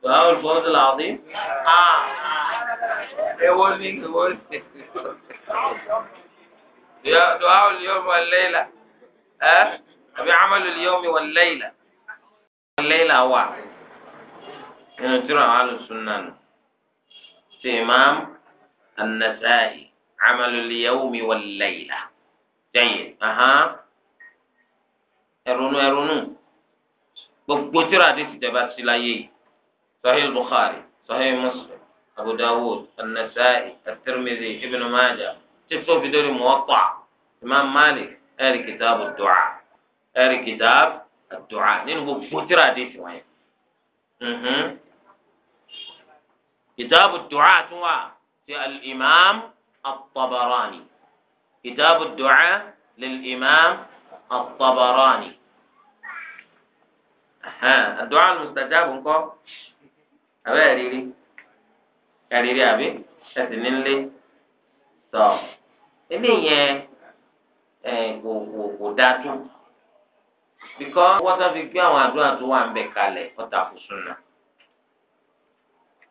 Speaker 1: dùn àwọn olùkọ́ ọ̀dọ́ làwọn dín. warning يا دعاء اليوم والليلة ها أه؟ بعمل اليوم والليلة والليلة واحد إنه ترى على السنة في إمام النسائي عمل اليوم والليلة جيد أها ẹrunú ẹrunú gbogbo tíra àdéhùn ìjọba sí láyé yìí Sahih Bukhari Muslim أبو داود النسائي الترمذي ابن ماجه شفتوا في دوري موطع إمام مالك آل كتاب الدعاء آل كتاب الدعاء لأنه بكثرة حديث وين كتاب الدعاء هو الإمام الطبراني كتاب الدعاء للإمام الطبراني ها الدعاء المستجاب نقول أبا ẹ̀rí rí àbí ẹ̀sìn nílé tọ̀ eléyẹn kò kò kò dájú bíkọ́ wọ́n tán fi gbé àwọn àdúrà tó wà ń bẹ̀ kalẹ̀ ọ̀tà kò súnà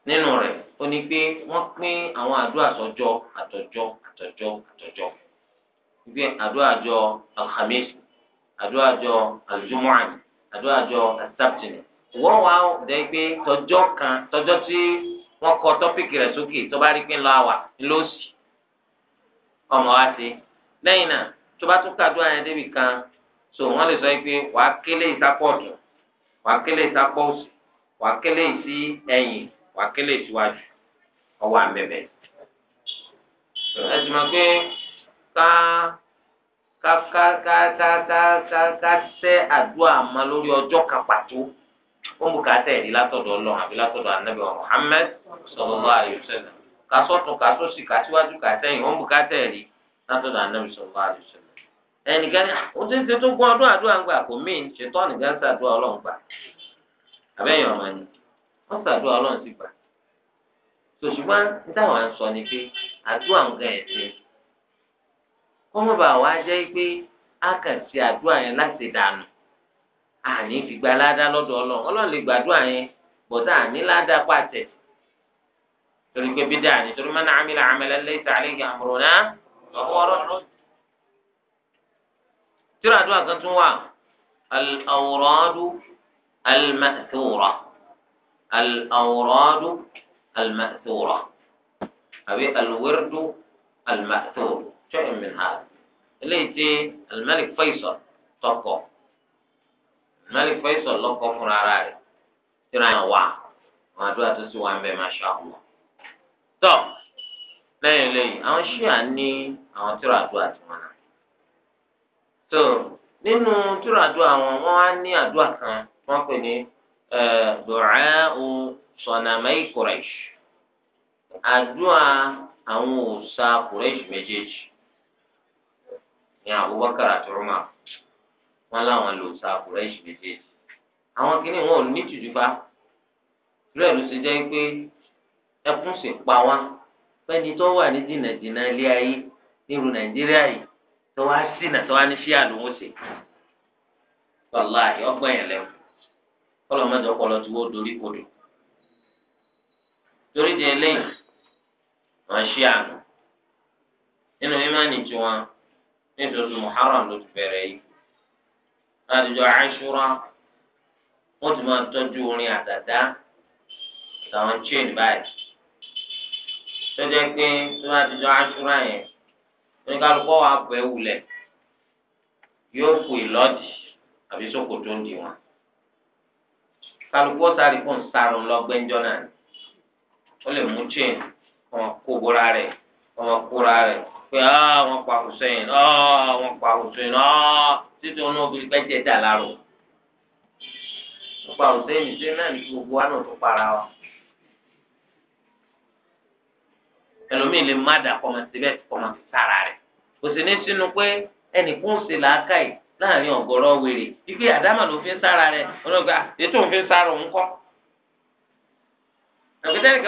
Speaker 1: nínú rẹ̀ ó ní pé wọ́n pín àwọn àdúrà sọ́jọ́ àtọ́jọ́ àtọ́jọ́ àtọ́jọ́ gbé àdúrà jọ alhamis àdúrà jọ aljumuan àdúrà jọ asabtini wọ́n wá dẹ́ tọ́jọ́ kan tọ́jọ́ tí wọ́n kọ tọ́pìkì rẹ̀ sókè tó bá rí pé ńlọ àwà ńlọ sí ọmọ wa ṣe lẹ́yìn náà tó bá tún kàdúrà yẹn débi kan so wọ́n lè sọ pé wàá kélé ìsápọ̀ ọ̀tún wàá kélé ìsápọ̀ òsì wàá kélé ìsí ẹ̀yìn wàá kélé ìsíwájú ọwọ́ àmẹ́bẹ̀. ẹ sì mọ̀ pé ká ká ká ká ká ká ká tẹ́ àdúrà mọ́ lórí ọjọ́ kan pàtó wọn bùkátà ẹ̀rí látọ̀dọ̀ ọlọ́run àbí látọ̀dọ̀ anabi wa muhammed sallallahu alayhi wa sallam kásọ̀tún kásọ̀sì kásíwájú kásẹ̀yìn wọn bùkátà ẹ̀rí látọ̀dọ̀ anabi sallallahu alayhi wa sallam. ẹnìkan ó ti ń ṣe tó gún ọdún àdúrà ń gbà kó míì ṣètò ọ̀nìkan ṣàdúrà ọlọ́run gbà àbẹ́yìn ọmọ ni wọ́n ṣàdúrà ọlọ́run sì gbà. sòṣùgbọ́n táwọn ń sọ ni pé àdúrà ń gan ẹ̀sìn kọ́mọ́bà wa jẹ́ pé a kàn ṣe àdúrà yẹn láti dànù àní fi gba ládá lọ́dọ̀ ọlọ́run ọlọ́run lè gbàdúrà yẹn bọ̀dá àní ládá pàtẹ torí pé bídà ni torí mọ́nà amílà amẹ́lẹ́ lẹ́yìn tààlẹ́ yìí àmúrò náà lọ́wọ́ ọ̀rọ̀ ló. tíra àdúrà kan tún wà al-awradu al-ma'thura àbí al-wirdu al-ma'thur ṣé èmi eléyìí ti al-malik faisal tọkọ. malik lọkọ fúnra ara rẹ̀ tíra yẹn wà wọn àdúrà tó sì wà ń bẹ masha allah tọ lẹ́yìn lẹ́yìn àwọn ṣíà ní àwọn tíra àdúrà tí wọn náà tó nínú tíra àdúrà wọn wọn á ní àdúrà kan wọn pè ní du'a'u sanamai quraish àdúrà àwọn òòṣà quraish méjèèjì wọn láwọn lò sa kùrẹ́ṣì méjèèjì àwọn kìíní wọn ò ní tùjúbá rẹ̀ ló ṣe jẹ́ pé ẹkún sì pa wá fẹ́ni tó wà ní dìnàdìnà ilé ayé nírú nàìjíríà yìí tó wá sínà tó wá ní ṣíà ló ń ṣe wàláhì ọgbọ́n yẹn lẹ́wọ̀ kọlọ́mọdé ọpọlọ tí wọ́n dorí kodò torí di eléyìí wọ́n ṣíà nù nínú ìmánì tiwọn nítorí muharram ló yìí àtijọ́ àṣúra wọ́n ti máa tọ́jú orin àdàdá àtàwọn chain báyìí tọ́jú pé tó bá ti jọ àṣúra yẹn oníkálukọ́ wa bẹ̀ wulẹ̀ yóò fò ìlọ́dì àbí ṣòkòtò ń di wọn kálukọ́ sáré fún sarun lọ́gbẹ́njọ́ náà ó lè mú chain wọn kó bóra rẹ̀ wọn kóra rẹ̀ pé àwọn pa Hussein àwọn pa Hussein. títí wọn náà fi pẹ́ jẹ́ dà nípa òsèǹdì tí náà ní gbogbo wa tó para wa ẹlòmíì lè má dà kọ́mọ síbẹ̀ kọ́mọ sí sára rẹ̀ kò sì ní sínú pé ẹnìkún ṣe ike àdámà ló fi ń sára rẹ̀ wọn ètò òun fi ń sára òun kọ́ bá ó gbà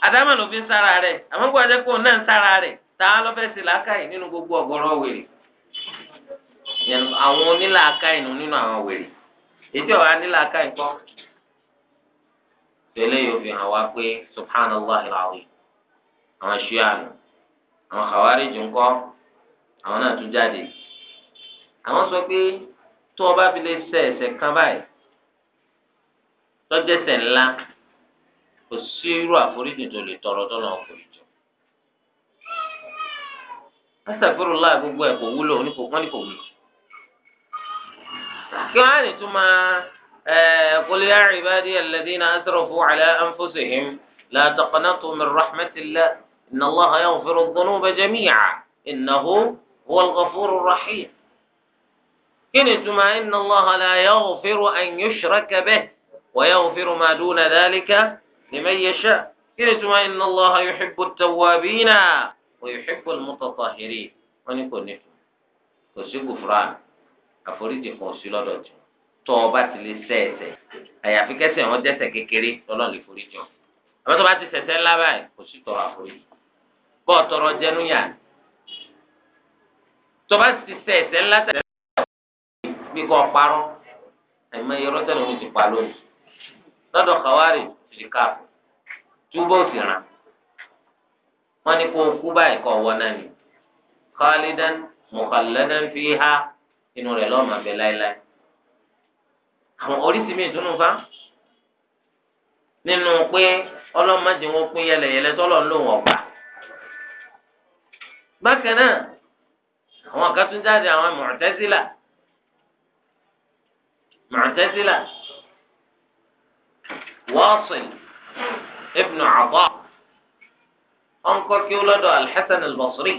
Speaker 1: ah, rẹ̀ àmọ́ tá a lọ fẹ́ ṣe làákàyè nínú gbogbo ọ̀gọ̀rọ̀ wèrè àwọn onílàákàyè nínú àwọn wèrè ètò àwọn anílàákàyè kọ́ tẹ́lẹ̀ yóò fi hàn wá pé subhanallah ilawi àwọn ṣíàánù àwọn àwárí jùnkọ́ àwọn náà tún jáde àwọn sọ pé tó o bá fi lè ṣe ẹ̀ṣẹ̀ kan báyìí tọ́jẹ́sẹ̀ ńlá kò sí irú àforíjì tó lè tọrọ tó náà kù yìí. asàgbéró láì gbogbo ẹ̀ kò wúlò wọ́n ní kò wúlò. kí wọ́n á lè tún máa qul ya ibadiya alladhina asrafu ala anfusihim la taqnatu min rahmatillah inna allaha yaghfiru dhunuba iná hó huwal fúru rahi. kí ni tún máa inna allaha la yaghfiru an yushraka bihi wa yaghfiru ma duna dhalika liman yasha' kí ni tún máa inna allaha yuhibbu at-tawwabina. ويحب المتطهرين وني كوني kò sí gùfúrán àforíjì kan sí lọ́dọ̀ jù tó o bá ti lè ṣẹ̀ ẹ̀ṣẹ̀ àyàfi kẹ́ṣẹ̀ wọn jẹ́ṣẹ̀ kékeré lọ́lọ́run lè forí jọ àmọ́ tó bá ti ṣẹ̀ṣẹ̀ ńlá báyìí kò sí tọrọ àforíjì bọ́ ọ tọrọ jẹnu yà tó bá ti ṣẹ̀ ẹ̀ṣẹ̀ ńlá ṣẹ̀ṣẹ̀ bí kò parọ́ àyìnbó iye rọ́tẹ́ lòun ti pa lónìí lọ́dọ̀ kàwárì tìlíkà túbọ̀ òsì ràn wọ́n ní kó kú báyìí kọ́ wọ́n náà ni khalidan mukhalladan fiha inú rẹ̀ lọ́ọ́ máa bẹ láéláé. àwọn oríṣi mi ìdùnnú fa nínú pé ọlọ́mọdé wọn pín yẹlẹyẹlẹ tọ́lọ̀ ń lò wọ́n gbà. bákan náà àwọn kan àwọn Mu'tazila Mu'tazila Wasil ibn Ata ọ̀nkọ́ kí ó lọ́dọ̀ alḥasan albasri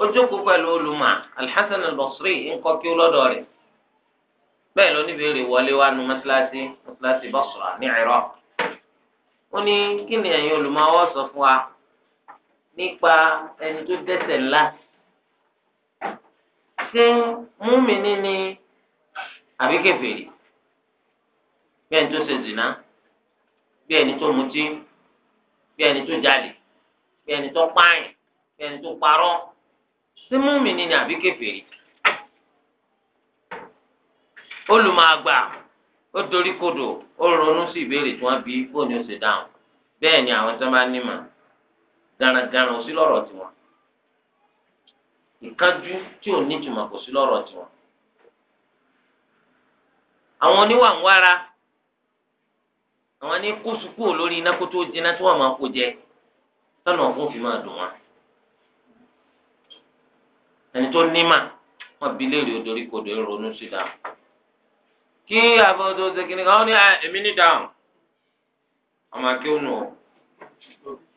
Speaker 1: ó jókòó pẹ̀lú olùmọ̀ alḥasan albasri ńkọ́ kí ó lọ́dọ̀ rẹ̀ bẹ́ẹ̀ ló níbèrè wọlé wá nu mọ́sálásí mọ́sálásí basra ní iraq ó ní kí ni ẹ̀yin olùmọ̀wọ́ sọ fún wa nípa ẹni tó dẹ́ṣẹ̀ ńlá ṣé múmìnì ni àbí kèfèrí bí ẹni tó ṣe zìnà bí ẹni tó mutí bí ẹni tó jalè bí ẹni tó pààyàn bí ẹni tó parọ́ sí múmìnì ni àbí kèfèrí
Speaker 2: olùmọ̀àgbà
Speaker 1: ó dorí kodò ó ronú sí ìbéèrè tí wọ́n bí fóònù ó sì dáhùn bẹ́ẹ̀ ni àwọn tó bá nímọ̀ garagara ò sí lọ́rọ̀ tiwọn ìkánjú tí ò ní ìtumọ̀ kò sí lọ́rọ̀ tiwọn àwọn oníwàǹwara àwọn ní kó sukú lórí iná kó tó jiná tí wọn máa kó jẹ tọnà ọgbọn fi máa dùn wọn. ẹni tó ní mà wọn bí léèrè odori kodò ń ronú sí dáhùn. kí àbọ̀dọ̀ ṣèkìní kan ó ní èmi ní dáhùn ọmọ akéwọn nù ọ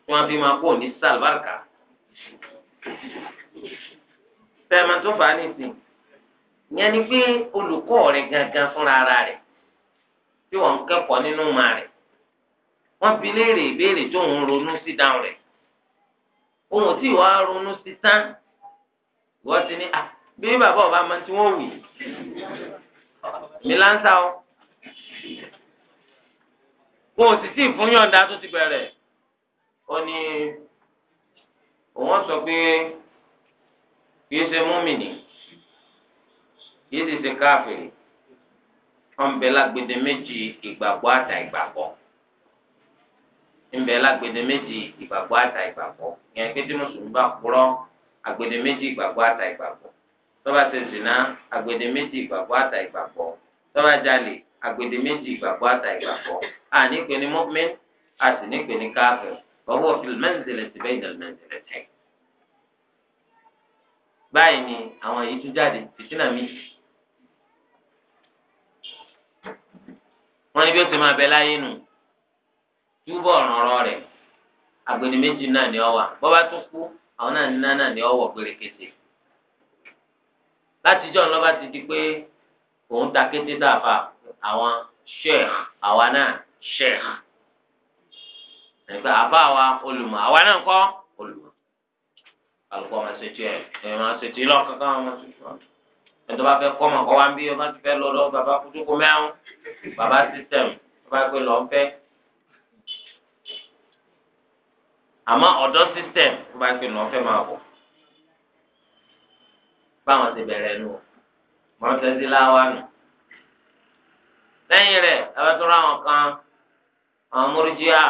Speaker 1: wọn fi máa kó ní sàlùbáríkà tẹ́ẹ̀mà tó fà á nìsín ìyẹn ni pé olùkọ́ rẹ̀ gangan fúnra ara rẹ̀ tí wọ́n ń kẹ́kọ̀ọ́ nínú ma rẹ̀ wọ́n fi léèrè ìbéèrè tó ń ronú sí dáhùn rẹ̀ ohun tí ìwà ronú sí tán wọ́n ti ní bí bàbá ọba máa ti wọ́n wù yìí mi láǹtà o wọn ò sì tí ì fún yọ̀ǹda tó ti bẹ̀rẹ̀ ó ní òun sọ pé kìí ṣe múmìnì kìí sì ṣe káfíìn ọ̀nbẹ́lá gbèdéméjì ìgbàgbọ́ àtà ìgbàgbọ́ ńbẹ lágbede méjì ìgbàgbọ́ àtà ìgbàgbọ́ yẹn pé tí mùsùlùmí bá kúrọ́ àgbede méjì ìgbàgbọ́ àtà ìgbàgbọ́ tó bá ṣe zìnà àgbede méjì ìgbàgbọ́ àtà ìgbàgbọ́ tó bá jalè àgbede méjì ìgbàgbọ́ àtà ìgbàgbọ́ à ní pè ní mọ́mí a sì ní pè ní káfẹ́ ọwọ́ fìlmẹ́ǹtìlẹ̀ ti bẹ́ẹ̀ ìdàlmẹ́ǹtìlẹ̀ tẹ̀. báyìí ni àwọn èyí tún jáde fìtínà mi wọ́n ní bí ó túbọ̀ ọ̀rọ̀ rẹ̀ agbeni méjì náà ni ọ wà bọ́ba tó kú àwọn náà nínú náà ni ọ wọ̀ pérékété látijọ́ ńlọ́ba ti di pé òun ta kété dáàbà àwọn sheikh àwa náà sheikh nígbà àbá wa olùmọ̀ àwa náà kọ́ olùmọ̀ alùpùpù ọmọ ṣètì ẹ̀ ẹ̀ máa ṣètì lọ́kọ̀ọ̀kan ọmọ ṣètì wọn ẹtọ́ bá fẹ́ kọ́ mọ̀ kọ́ wá ń bí ọmọ ti fẹ́ lọ lọ bàbá kútùkù mẹ́rin bàbá sísẹ̀m bàbá pé lọ́ọ́ fẹ́ àmọ́ ọ̀dọ́ system tó bá pè lọ́n fẹ́ máa wọ̀ báwọn ti bẹ̀rẹ̀ nù mọ́tẹ́síláwá nù. lẹ́yìn rẹ̀ abẹ́tọ́rọ́ àwọn kan àwọn mọ́rìjíà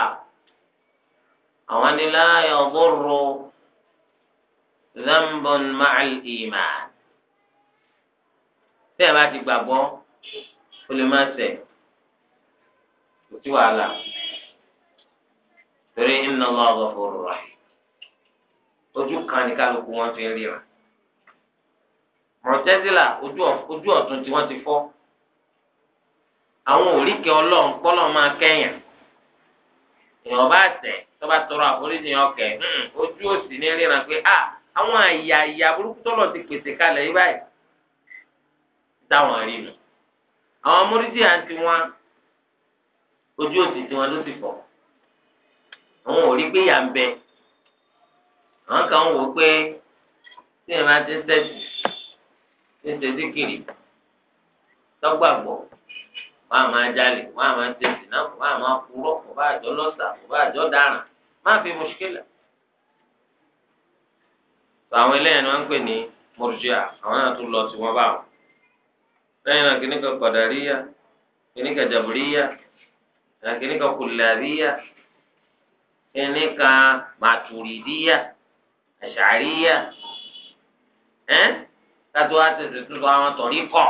Speaker 1: àwọn níláyà ọgọ́rùú zambon ma'al iman tẹ́ ẹ bá ti gbàgbọ́ o lè má ṣẹ̀ kò sí wàhálà. torí inna Allaha ghafurur rahim ojú kan ní kálukú wọn fi ń ríran Mu'tazila ojú ọ̀tún tí wọ́n ti fọ́ àwọn òríkè ọlọ́run kọ́lọ́ máa kẹ́yàn èèyàn bá tẹ̀ tó bá tọrọ àforíjì yẹn ọkẹ́ hmm, ojú òsì ní a ah, àwọn àyà àyà burúkú tọ́lọ̀ ti pèsè kalẹ̀ yí báyìí táwọn rí nu àwọn amúrídìí àti wọn ojú òsì tiwọn ló fọ. àwọn ò rí pé yà ń bẹ àwọn kan wò pé tí ẹ máa ti ń sẹ́sì ti ń ṣe síkìrì tọ́gbàgbọ́ wọ́n á máa jalè wọ́n á máa ń sẹ́sì náà wọ́n á máa kúrọ́ kò bá àjọ lọ́sà kò bá àjọ dáràn má fi mùṣkílà. àwọn eléyàn ni wọ́n ń pè ní mọ̀rùjíà àwọn náà tún lọ sí wọn báwọn. lẹ́yìn náà kìnnìkan kọ̀dàríyà kìnnìkan jàbùríyà kìnnìkan kùlàríyà ẹni kan màtúrídíyà àṣàríyà ẹ kátó wá tètè tó lọ àwọn tọ̀ríkọ̀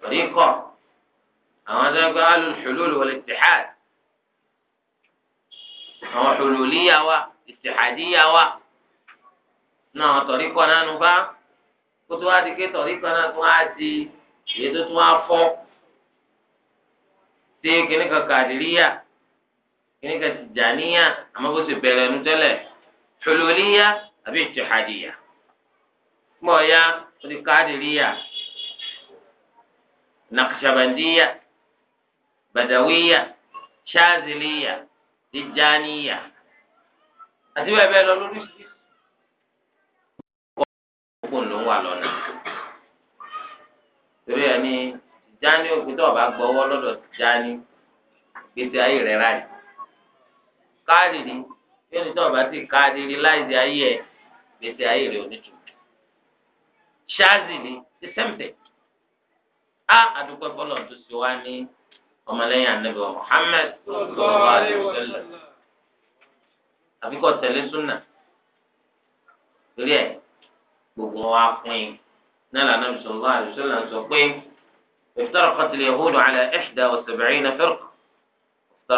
Speaker 1: tọ̀ríkọ̀ àwọn tó ń gbé al-hulul wal-ittihad àwọn hululiyya wa ittihadiyya wa náà àwọn tọ̀ríkọ̀ náà nù bá kótó wá di ké tọ̀ríkọ̀ náà tó wá di èyí tó tún wá fọ́ sí kìnìún kan ti jà níyà àmọ́ bó ṣe bẹ̀rẹ̀ nu tẹ́lẹ̀ hululiyya àbí ittihadiyya mọ̀ ya ó di qadiriyya naqshabandiyya badawiyya shaziliyya tijjaniyya àti bẹ́ẹ̀ bẹ́ẹ̀ lọ lórí sí. ọkùnrin ló wà lọ́nà torí ẹni tìjáni òkú tó o bá gbọ́wọ́ gbèsè ayé rẹ̀ ráyè káàdìrí tí ẹni tó bá ti káàdìrí láìsí ayé ẹ gbèsè ayé rẹ onítùú ṣáàzìlì ti sẹ́ǹtẹ̀ á àdúgbò bọ́lọ̀ tó ṣe wá ní ọmọlẹ́yìn anabi Muhammad sallallahu alaihi wasallam àfikọ́ tẹ̀lé súnà torí ẹ̀ gbogbo wa fún yín náà lànà sallallahu alaihi sọ pé iftaraqat al-yahudu ala ihda wa sab'ina firqa.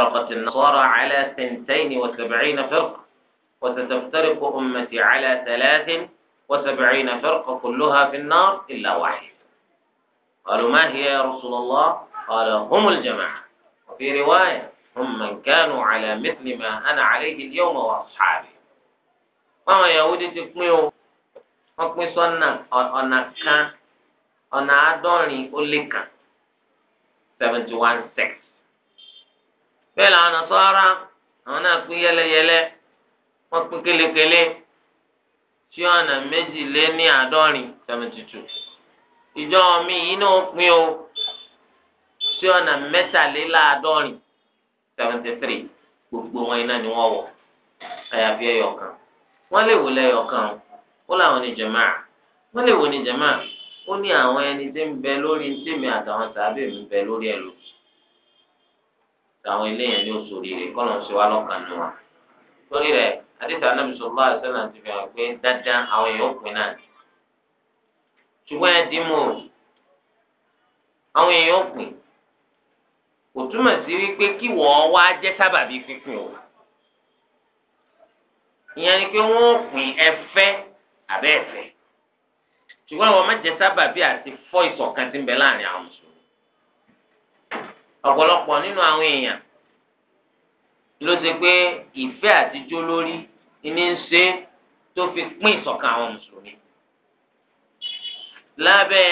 Speaker 1: افترقت النصارى على سنتين وسبعين فرقة وستفترق أمتي على ثلاث وسبعين فرقة كلها في النار إلا واحد قالوا ما هي يا رسول الله قال هم الجماعة وفي رواية هم من كانوا على مثل ما أنا عليه اليوم وأصحابي وما يهودي تكميو وكمي صنع أنا كان أنا أدوني أولي 71 6 bẹ́ẹ̀ làwọn nasọ́ra àwọn náà pín yẹlẹyẹlẹ wọ́n pín kélekèlé tí ọ̀nà méjì lé ní àádọ́rin seventy ìjọ mi yìí náà pín o tí ọ̀nà mẹ́tàléláàádọ́rin seventy gbogbo wọn iná ni wọ́n wọ̀ àyàfi ẹyọ wọ́n lè wò lẹ́yọ ó làwọn ní wọ́n lè wò ní ó ní àwọn ẹni tí ń bẹ lórí tèmi àtàwọn tàbí mi bẹ lórí àwọn eléyàn ní oṣù rírì kọ́ lọ́n ṣe wá lọ́kàn nù wá. torí rẹ̀ àdìsá anábì sọlá àṣẹlá ti fi hàn pé dáadáa àwọn èèyàn òpin náà ṣùgbọ́n ẹ dín mọ́ àwọn èèyàn òpin kò túmọ̀ sí wípé kí wọ́n wá jẹ́ sábàbí pínpín o ìyẹn ni pé wọ́n pín ẹfẹ́ abẹ́ ṣùgbọ́n àwọn má jẹ́ sábàbí àti fọ́ ìṣọ̀kan tí ń bẹ láàrin àwọn mùsùlùmí ọ̀pọ̀lọpọ̀ nínú àwọn èèyàn ló ṣe pé ìfẹ́ àtijọ́ lórí ní ń ṣe tó fi pín ìṣọ̀kan àwọn mùsùlùmí lábẹ́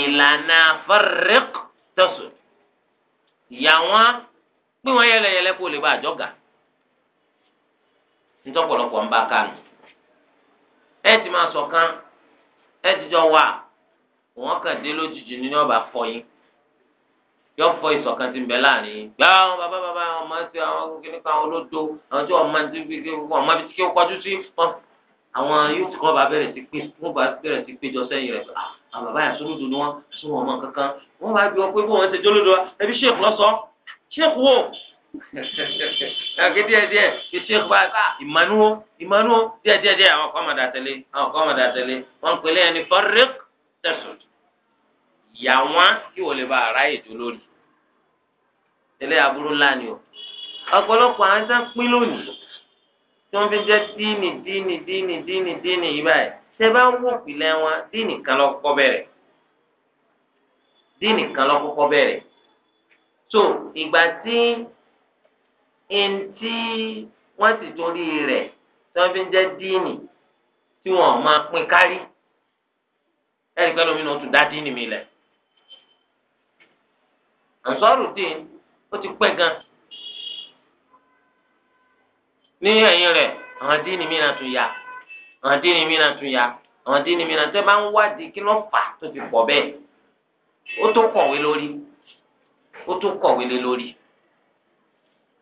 Speaker 1: ìlànà fẹ́rẹ́k tẹ̀sùn ìyá wọn pín wọn yẹlẹyẹlẹ kó lè bá àjọ gà ntọ́pọ̀lọpọ̀ ń bá kánú ẹ ti máa ṣọ̀kan ẹ ti jọ wà wọn kàn dé lójijì nínú ọba fọyín yọ fọ ìṣọ̀kan tí ń bẹ láàrin yìí gba àwọn bàbá bàbá àwọn ọmọ ẹsẹ àwọn kékeré kan àwọn olódo àwọn tí wọn máa ń ti fi wọn máa fi kí wọn kọjú sí wọn àwọn yóò kọ́ bá bẹ̀rẹ̀ sí pé wọn bá bẹ̀rẹ̀ sí pé jọ sẹ́yìn rẹ̀ ah, àwọn bàbá yẹn sólódò ni wọn sún wọn mọ kankan wọn bá gbé wọn pé bó wọn ṣe jólódò ẹbí ṣèkù lọ́sọ ṣèkù wò ẹ̀kẹ́ díẹ̀ díẹ̀ kí sèkù bá ìmánú ìmánú díẹ̀ díẹ̀ díẹ̀ àwọn kọ́ máa dà tẹ́lẹ̀ àwọn kọ́ máa dà tẹ́lẹ̀ wọn pèlè ẹni fọ́rẹ́k tẹ̀sùn yà wọn kí wọ́n lè bá aráyè dúró lórí tẹ́lẹ̀ aburú ńlá ni o ọ̀pọ̀lọpọ̀ àwọn ẹ̀sán pín lónìí tí wọ́n fi jẹ́ díìnì díìnì díìnì díìnì díìnì yìí báyìí tẹ́ bá ń wò wọn díìnì kan ló kọ́kọ́ bẹ̀rẹ̀ díìnì kan ló kọ́kọ́ bẹ̀rẹ̀ so ìgbà tí ntí wọ́n ti torí rẹ̀ tí wọ́n fi jẹ́ díìnì tí wọ́n máa pín kárí ẹ̀rí pẹ́ lómi náà tún dá díìnì mi lẹ̀ ànsọ́rù díìnì ó ti pẹ́ gan. ní ẹ̀yìn rẹ̀ àwọn díìnì mìíràn tún yá àwọn díìnì mìíràn tún yá àwọn díìnì mìíràn tẹ́ bá ń wádìí kí ló fà tó fi pọ̀ bẹ́ẹ̀ ó tó kọ̀wé lórí ó tó kọ̀wé lé lórí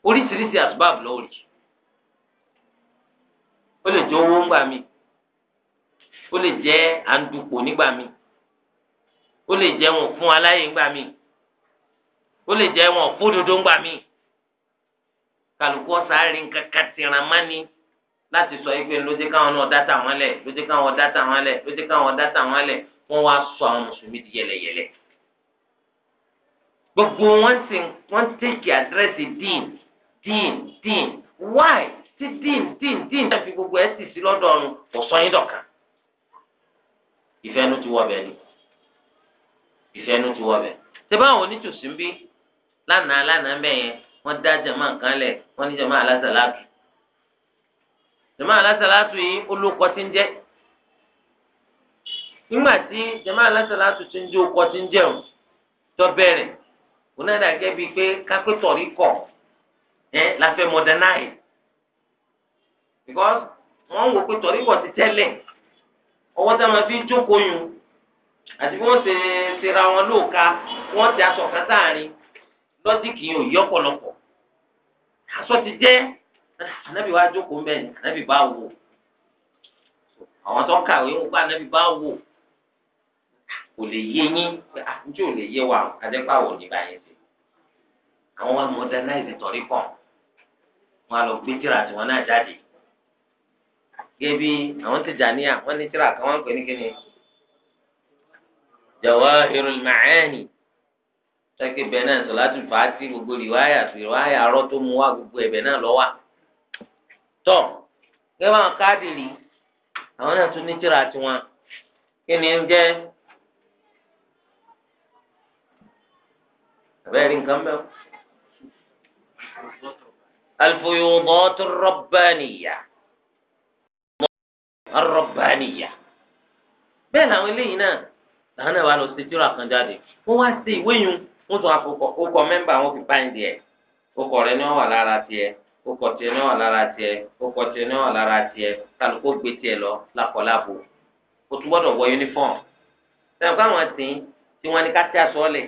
Speaker 1: oríṣiríṣi asbab lórí ó lè jẹ́ owó ńgbà mi ó lè jẹ́ àǹdùpọ̀ nígbà mi ó lè jẹ́ wọn fún aláyè ńgbà mi ó lè jẹ́ wọn kó dodo ń gbà mí kálukú ọ̀sàárín kankan tìràn má ni láti sọ yìí pé lóde káwọn náà dáta wọn lẹ lóde káwọn dáta wọn lẹ lóde káwọn dáta wọn lẹ wọn wá sọ àwọn mùsùlùmí di yẹlẹyẹlẹ gbogbo wọn sì wọn tẹkì àdírẹ́sì dín dín dín wáì tí dín dín dín náà fi gbogbo ẹ sì sí lọ́dọ̀ kò sọ yín dọ̀kan ìfẹ́ ti wọ ni ìfẹ́ ti wọ bẹ́ẹ̀ onítùsí ń bí lánàá lánàá mẹ́yẹn wọn dá jama nǹkan lẹ̀ wọn ni jama jama alásàlátù yìí olókọ ti ń jẹ́ nígbà tí jama alásàlátù ti ń ti ń o bẹ̀rẹ̀ kò náà pé because wò fi ń jókòó àti bí ra wọn lóòka lọ́síkì yìí ò yọ ọ̀pọ̀lọpọ̀ aṣọ ti jẹ́ ànábì wa jókòó mbẹ́ ànábì bá wò àwọn tó ń kàwé ń bá wò kò lè yé yín àtúntò ah, lè yé wa adẹ́pà wò ní báyìí àwọn wa modernize torí kan wọn a lọ gbé tíra wọn náà jáde gẹbi àwọn Tìjàníyà ní tíra wọn pè ní kíni sẹ́kì bẹ́ẹ̀ náà sọ láti fà á tí gbogbo rìwáyà rìwáyà arọ́ tó mu wá gbogbo ẹ̀bẹ̀ náà lọ wá. tọ́ gẹ́gẹ́ bá káàdì rí àwọn náà tún ní tíra tiwọn kí ni ń jẹ́ abẹ́rẹ́ nǹkan bẹ́ẹ̀ alfuyudọ́tù rọ́bàníyà rọ́bàníyà bẹ́ẹ̀ làwọn eléyìí náà làwọn náà wà lọ sí tíra wọ́n tún afọkọ okọ mẹ́mbà wọn fi báyìí ẹ̀ okọ rẹ ni wọ́n wà lára tiẹ̀ okọ tiẹ̀ ni wọ́n wà lára tiẹ̀ okọ tiẹ̀ ni wọ́n wà lára tiẹ̀ kálukó gbé tiẹ̀ lọ lakọ̀lábo o tún gbọ́dọ̀ wọ uniform sẹ́yìn fún àwọn tí tí wọ́n ní ká aṣọ lẹ̀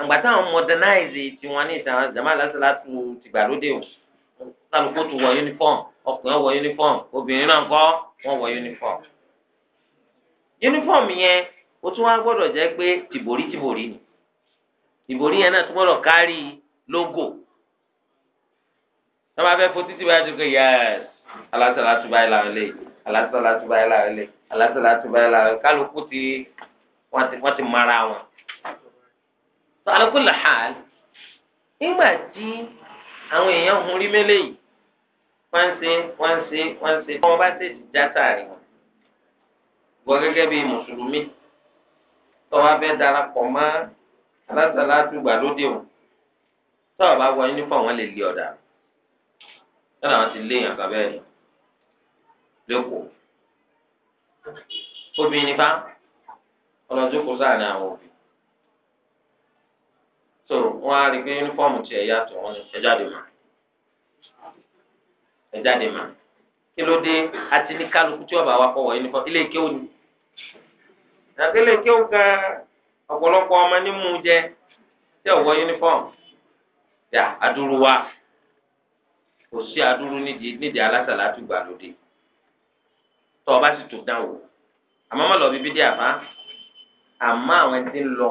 Speaker 1: àgbà táwọn modernize tí wọ́n ní ìtàn jama lásìlá tu tìgbàlódé o kálukó tún wọ uniform ọkùnrin wọ uniform obìnrin náà kọ́ wọ́n wọ uniform uniform yẹn o tún wá gbọ́dọ̀ jẹ́ pé tìbòrí tìbòrí ni ìbòrí yẹn náà tún gbọ́dọ̀ kárí lógò sábà fẹ́ fo títí báyìí tó kọ yẹs alásàlá tó báyìí làwọn lè alásàlá tó báyìí làwọn lè alásàlá tó báyìí làwọn kálukú ti wọ́n ti mara wọn. sọ alákùnlé hàn nígbà tí àwọn èèyàn hun rí mélé yìí wọ́n ń ṣe wọ́n ń ṣe wọ́n ń ṣe wọ́n bá ṣe ìjà sáàrin wọn. wọ́n gẹ́gẹ́ bí mùsùlùmí tó wá darapọ̀ mọ́ alásàlá àtúgbà lóde o tá a bá wọ uniform wọn lè lé ọ̀dà yálà wọn ti lé yàn kábẹ́ ẹ̀ lẹ́kọ̀ọ́ obìnrin nípa ọlọ́dúnkù sáàrin àwọn òbí so wọn á rí i pé uniform tiẹ̀ yàtọ̀ wọn ẹ jáde mọ́ ẹ jáde mọ́ kí ló dé àti ní kálukú tí wọn bá wà pọ̀ wọ ilé ìkéwòn ní ilé ìkéwòn gan-an ọ̀pọ̀lọpọ̀ ọmọ ní mú jẹ tí ọ̀wọ́ uniform yà adúrú wa kò sí adúrú nídìí nídìí alásàlá tó gbà lóde tọ́ ọba sì tó dán wò àmọ́ mọ́ lọ bíbí dí àbá àmọ́ àwọn tí ń lọ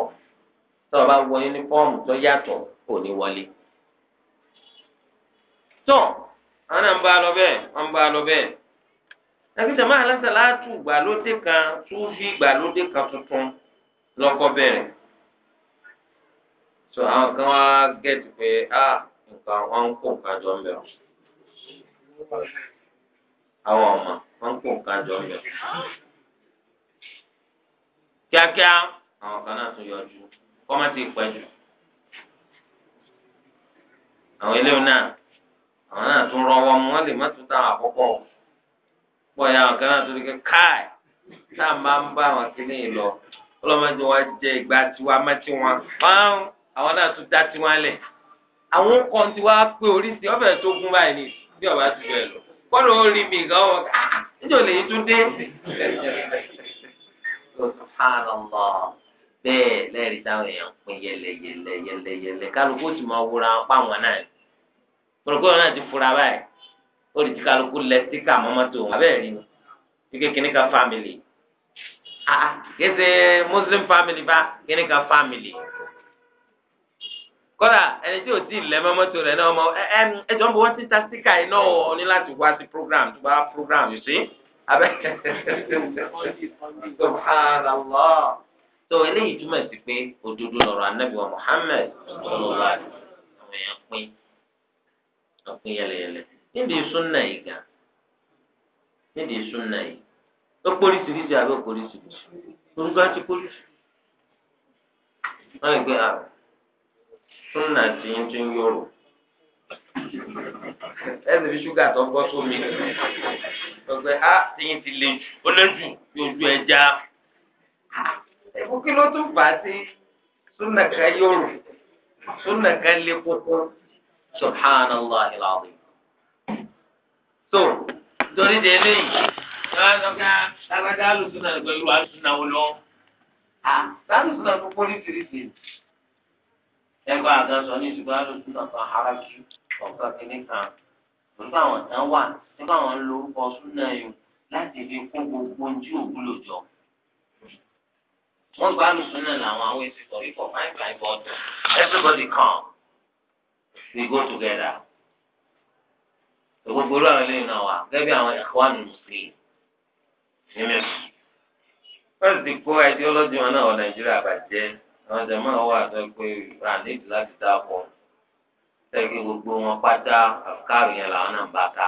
Speaker 1: tọ́ ọba wọ uniform tó yàtọ̀ kò ní wọlé tọ́ àwọn náà ń bá a lọ bẹ́ẹ̀ wọ́n ń bá a lọ bẹ́ẹ̀ nàbí jàmáà alásàlá tó gbà lóde kan tó fi gbà lóde kan tuntun lọ́kọ́ bẹ̀rẹ̀ so àwọn kan wá gẹ̀ẹ́tì pé a ah, nǹkan wọn ń kó nǹkan jọ ń bẹ̀ ọ́ àwọn ọmọ wọn ń kó nǹkan jọ ń bẹ̀ kíákíá àwọn kan náà tún yọjú kọ́má ti pẹ́ jù àwọn eléyìí náà àwọn náà tún rọwọ́ mu wọ́n lè má tún táwọn àkọ́kọ́ pọ̀ ya àwọn kan náà tún lè kẹ́ káì táà máa ń bá àwọn kìnìún lọ ọlọ́mọdé wa jẹ ìgbà tiwa má tiwọn wọn àwọn náà tún dá tiwọn lẹ̀ àwọn kan ti wá pé oríṣi ọbẹ̀ tó gún báyìí ni bí ọba ti bẹ̀ lọ kọ́nà ó rí mi gan wọn ká ah, níjọ́ lè tún dé. bẹ́ẹ̀ lẹ́rìí táwọn èèyàn pín yẹlẹyẹlẹ yẹlẹyẹlẹ kálukú ti máa wúra páwọn náà kọ̀rọ̀kọ̀rọ̀ náà ti fura báyìí ó lè ti kálukú lẹ síkà mọ́mọ́tò wọn abẹ́ẹ̀ rí ni kíkékiní ka fámìlì. Ah, kese muslim family ba kíni kan family kódà ẹni tí o ti lẹ̀ mọ́ mọ́tò rẹ̀ náà ọmọ ẹ ẹ ẹ jọ ń bọ̀ wọ́n ti ta síkà yìí náà ọ ní láti wá sí program tó bá program yìí sí abẹ subhanallah tó eléyìí túmọ̀ sí pé òdodo lọ̀rọ̀ anabi wa muhammed sọlọ́wọ́ àti àwọn èèyàn pín ọ̀pín yẹlẹyẹlẹ níbi sunna yìí gan níbi sunna yìí ó pólísìírísìí àbí ó pólísìírísìí orúkọ àti pólísìí. wọ́n lè gbé àrùn súnà tí ń tún yọrò ẹ sì fi ṣúgà tó bọ́ sómi ọgbẹ́ á tìyín ti lè jù ó lè jù bí ojú ẹja kí ló tún fà á sí súnà kan yọrò súnà kan lé kókó subhanallah ilaahi. so torí de eléyìí ẹgbẹ́ àga ní ìṣùgbọ́n alùsùn náà kan arájú ọ̀kan kìíní kan. pẹ̀lú àwọn tán wà nígbà wọn ń lo orúkọ súnà yìí láti fi kún gbogbo ojú òwúlò jọ. wọ́n gba alùsùn náà làwọn àwọn èsì sọ̀rí for five five ọdún. everybody come we go together. gbogbo olú àwọn eléyìí náà wà gẹ́gẹ́ bí àwọn ẹ̀kọ́ ànùmùsùlùmí ní mẹ́sì. first the core ideology wọn náà wọ nàìjíríà bàjẹ́ àwọn jẹ̀mọ́ àwọn àtọ́ pé ra níbi láti dá pọ̀ sẹ́gi gbogbo wọn pátá àfikàrù yẹn làwọn náà ń bá ká.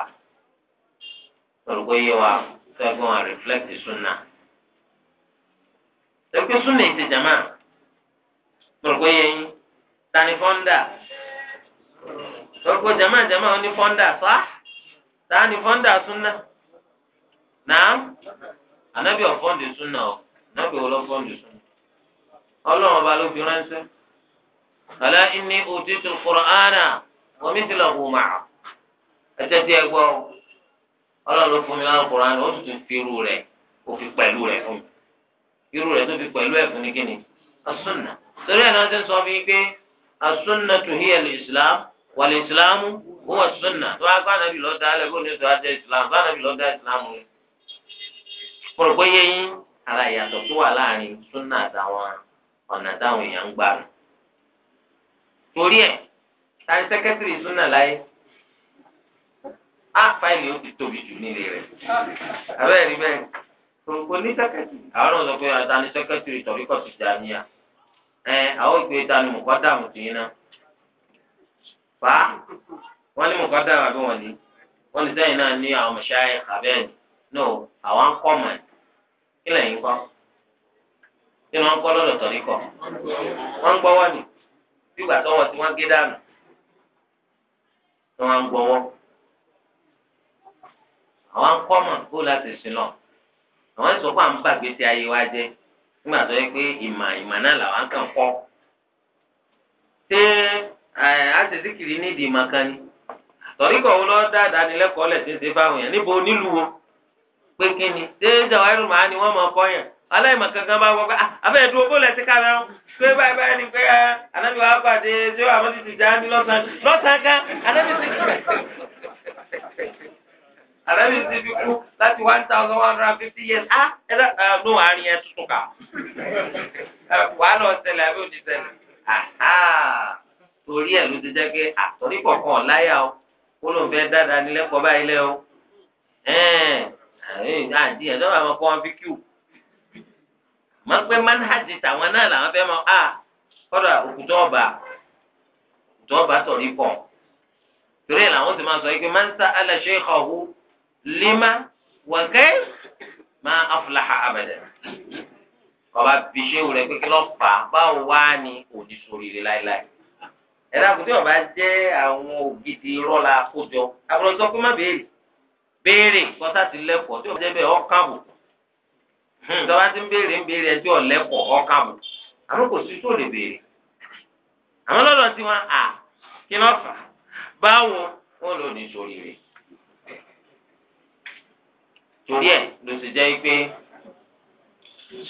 Speaker 2: olùkọ́ yé wa sẹ́gun wọn
Speaker 1: reflect sunna. sẹ́gun sunna yìí ti jẹ̀mọ́ olùkọ́ yé yín tani fọ́ndà olùkọ́ jẹ̀mọ́ jẹ̀mọ́ oní fọ́ndà sá tani fọ́ndà sunna náà anabi ọ̀fọ́ǹdì súnà ọ̀ anabi ọlọ́fọ́ǹdì súnà ọlọ́run ọba ló fi ránṣẹ́ ala inni utitu al-Qur'ana wa mithlahu ma'a ẹsẹ̀ tí ẹ gbọ́ ọlọ́run ló fún mi láwọn Qur'an ó sì tún fi irú rẹ̀ ó fi pẹ̀lú rẹ̀ fún mi irú rẹ̀ tó fi pẹ̀lú ẹ̀ fún ni kí ni asúnà torí ẹ̀ náà ti sọ fún yín pé asúnà tu hiya al-islam wal-islamu huwa asúnà tó wá gbọ́ anabi lọ́ọ́ alẹ́ bó ni sọ adé islam gbọ́ anabi lọ́ọ́ islam rẹ̀ mo rò pé yẹyin ara ìyàtọ̀ tó wà láàrin súnà àtàwọn ọ̀nà táwọn èèyàn ń gbà nù. torí ẹ̀ tani sẹ́kẹ́tìrì súnà láyé á fáìlì ó ti tóbi jù nílé rẹ̀ abẹ́rẹ́ rí bẹ́ẹ̀ kò ní sẹ́kẹ́tìrì. àwọn ọ̀nà sọ pé ah, tani sẹ́kẹ́tìrì tọ̀rí kọ̀ ti dà níyà ẹ àwọn ìpè tani mọ̀kọ́ dààmú tì í ná. fa wọ́n ní mọ̀kọ́ dààmú àbí wọ́n ní wọ́n ní sẹ́yìn náà ní àwọn mọ̀ṣáyé àbẹ́ẹ̀ no àwọn kọ́mọ̀ẹ́ kílẹ̀ lẹ́yìn kọ́ tí wọ́n kọ́ lọ́dọ̀ tọ̀rí kọ́ wọ́n ń gbọ́wọ́ ni bí ìgbà tọ́wọ́ tí wọ́n gé dànù ni wọ́n ń gbọ́wọ́ àwọn kọ́ kó láti sin lọ àwọn sọ fún àwọn bàgbé tí ayé wa nígbà tó yẹ pé náà làwọn kàn kọ́ ṣé nídìí pé kí ni déédéé àwọn ẹrù màá ni wọ́n mọ̀ ọkọ yẹn aláìmọ̀ kankan bá gbọ́ pé ah, abẹ́ẹ̀ dúró bó lẹ́sìn ká lẹ́rù pé báyìí báyìí ni pé anábì ah, wàá pàdé ṣé wàá mọ́tì ti jáde lọ́sàn lọ́sàn kan anábì ti alábì ti fi kú láti one thousand one hundred fifty years ah ẹ dá ẹ ló wàá rìn ẹ tuntun kà wàá lọ ṣẹlẹ̀ àbí òdì ṣẹlẹ̀ torí ẹ ló ti jẹ́ pé àtọ́rí ah, kọ̀ọ̀kan ọ̀láyà o kó ló ń fẹ́ dáadáa nílẹ̀ kọ́ báyìí lẹ́ àdí ẹ̀ lọ́wọ́ àwọn kọ́ wọn fi kíw máa ń pẹ́ manhaji tàwọn náà làwọn fẹ́ máa a ah, kọ́dà òkùtọ́ ọba òkùtọ́ ọba sọ̀rí kọ̀ torí ẹ̀ làwọn sì máa sọ yìí pé máa ń sá aláṣẹ ìkọ̀hu lima wọ̀kẹ́ máa afúláha abẹ́dẹ̀ kọ́ba fi ṣéwù rẹ̀ pé kí lọ́ọ́ fà á báwo wá ní òdì sórí rẹ̀ láéláé ẹ̀rọ àkùtì ọba jẹ́ àwọn ògidì rọ́lá kójọ àbúrò sọ pé má béèrè béèrè kọ́sá ti lẹ́kọ̀ọ́ tí o bá jẹ́ bẹ́ẹ̀ ọ̀kan bò ìjọba ti ń béèrè ń béèrè ẹjọ́ lẹ́kọ̀ọ́ ọ̀kan bò àmọ́ kò sí tó lè béèrè àwọn lọ́dọ̀ tí wọ́n à kí wọ́n fà báwo wọn lò ní sórí rẹ̀ torí ẹ̀ ló sì jẹ́ pé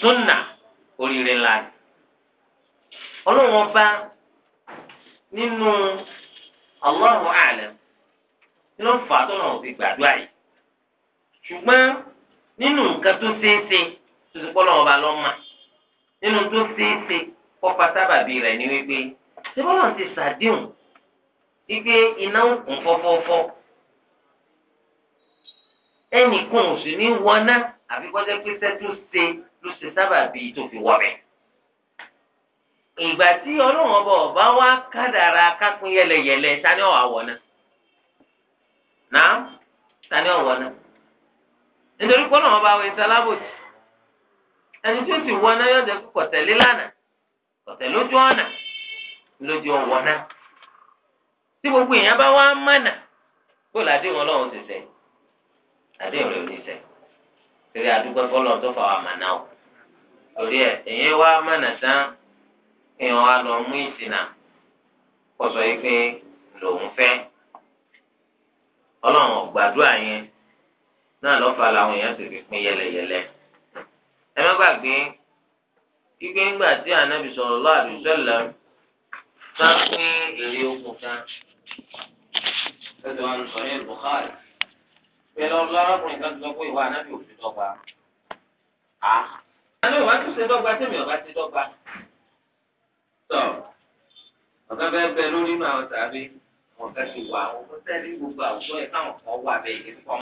Speaker 1: súnà oríire ńlá ni ọlọ́run ọba nínú Allahu a'lam ló ń fà tó náà fi gbàdúrà yìí ṣùgbọ́n nínú nǹkan tó ṣeé ṣe tó ti pọ́ lọ́wọ́ ba lọ́ mà nínú tó é ṣe kọ́ pátábàbí rẹ̀ ni wípé ṣé bọ́lá ti ṣàdéhùn wípé iná ń kún fọ́fọ́fọ́ ẹnìkan ò sì ní wọná àfi kọjá pé sẹ́tù ṣe ló ṣe sábàbí tó fi wọ̀ bẹ́ẹ̀ ìgbà tí ọlọ́run ọba ọba wa kádàrá kápín yẹlẹyẹlẹ tani ọ̀wà wọ̀ náà náà tani ọ̀wọ̀ náà nítorí pé ọlọ́run bá wọ ẹsẹ̀ alábòjì ẹni tó ti wọ náà yọjọ kó kọ̀tẹ̀lé lánàá kọ̀tẹ̀ lójú ọ̀nà lójú ọ̀wọ̀ náà tí gbogbo èèyàn bá wá mọ̀nà kó ọlọ́run ti àdéhùn rẹ̀ ò ní torí o torí ẹ̀ èèyàn wá mọ̀nà tán èèyàn wá lọ mú ìsìnà kọ̀sọ̀ yìí náà lọ́fà làwọn èèyàn ti fi pín yẹlẹyẹlẹ. ẹ má gbàgbé kíkẹ́ ńgbà tí ànábì sallallahu alaihi wasallam bá pín èrè ogun kan. ẹ̀sùn àlùsọ ní Bukhari. pẹ̀lú ọdún arákùnrin kan ti sọ pé ìwà ànábì òfin dọ́gba. ànábì wá ti ṣe dọ́gba tẹ̀mí ọ̀gá ti dọ́gba. sọ ọ̀gá bẹ́ẹ̀ bẹ́ẹ̀ lórí inú àwọn tàbí wọn fẹ́ wà àwọn tẹ́lẹ̀ gbogbo àwùjọ ẹ̀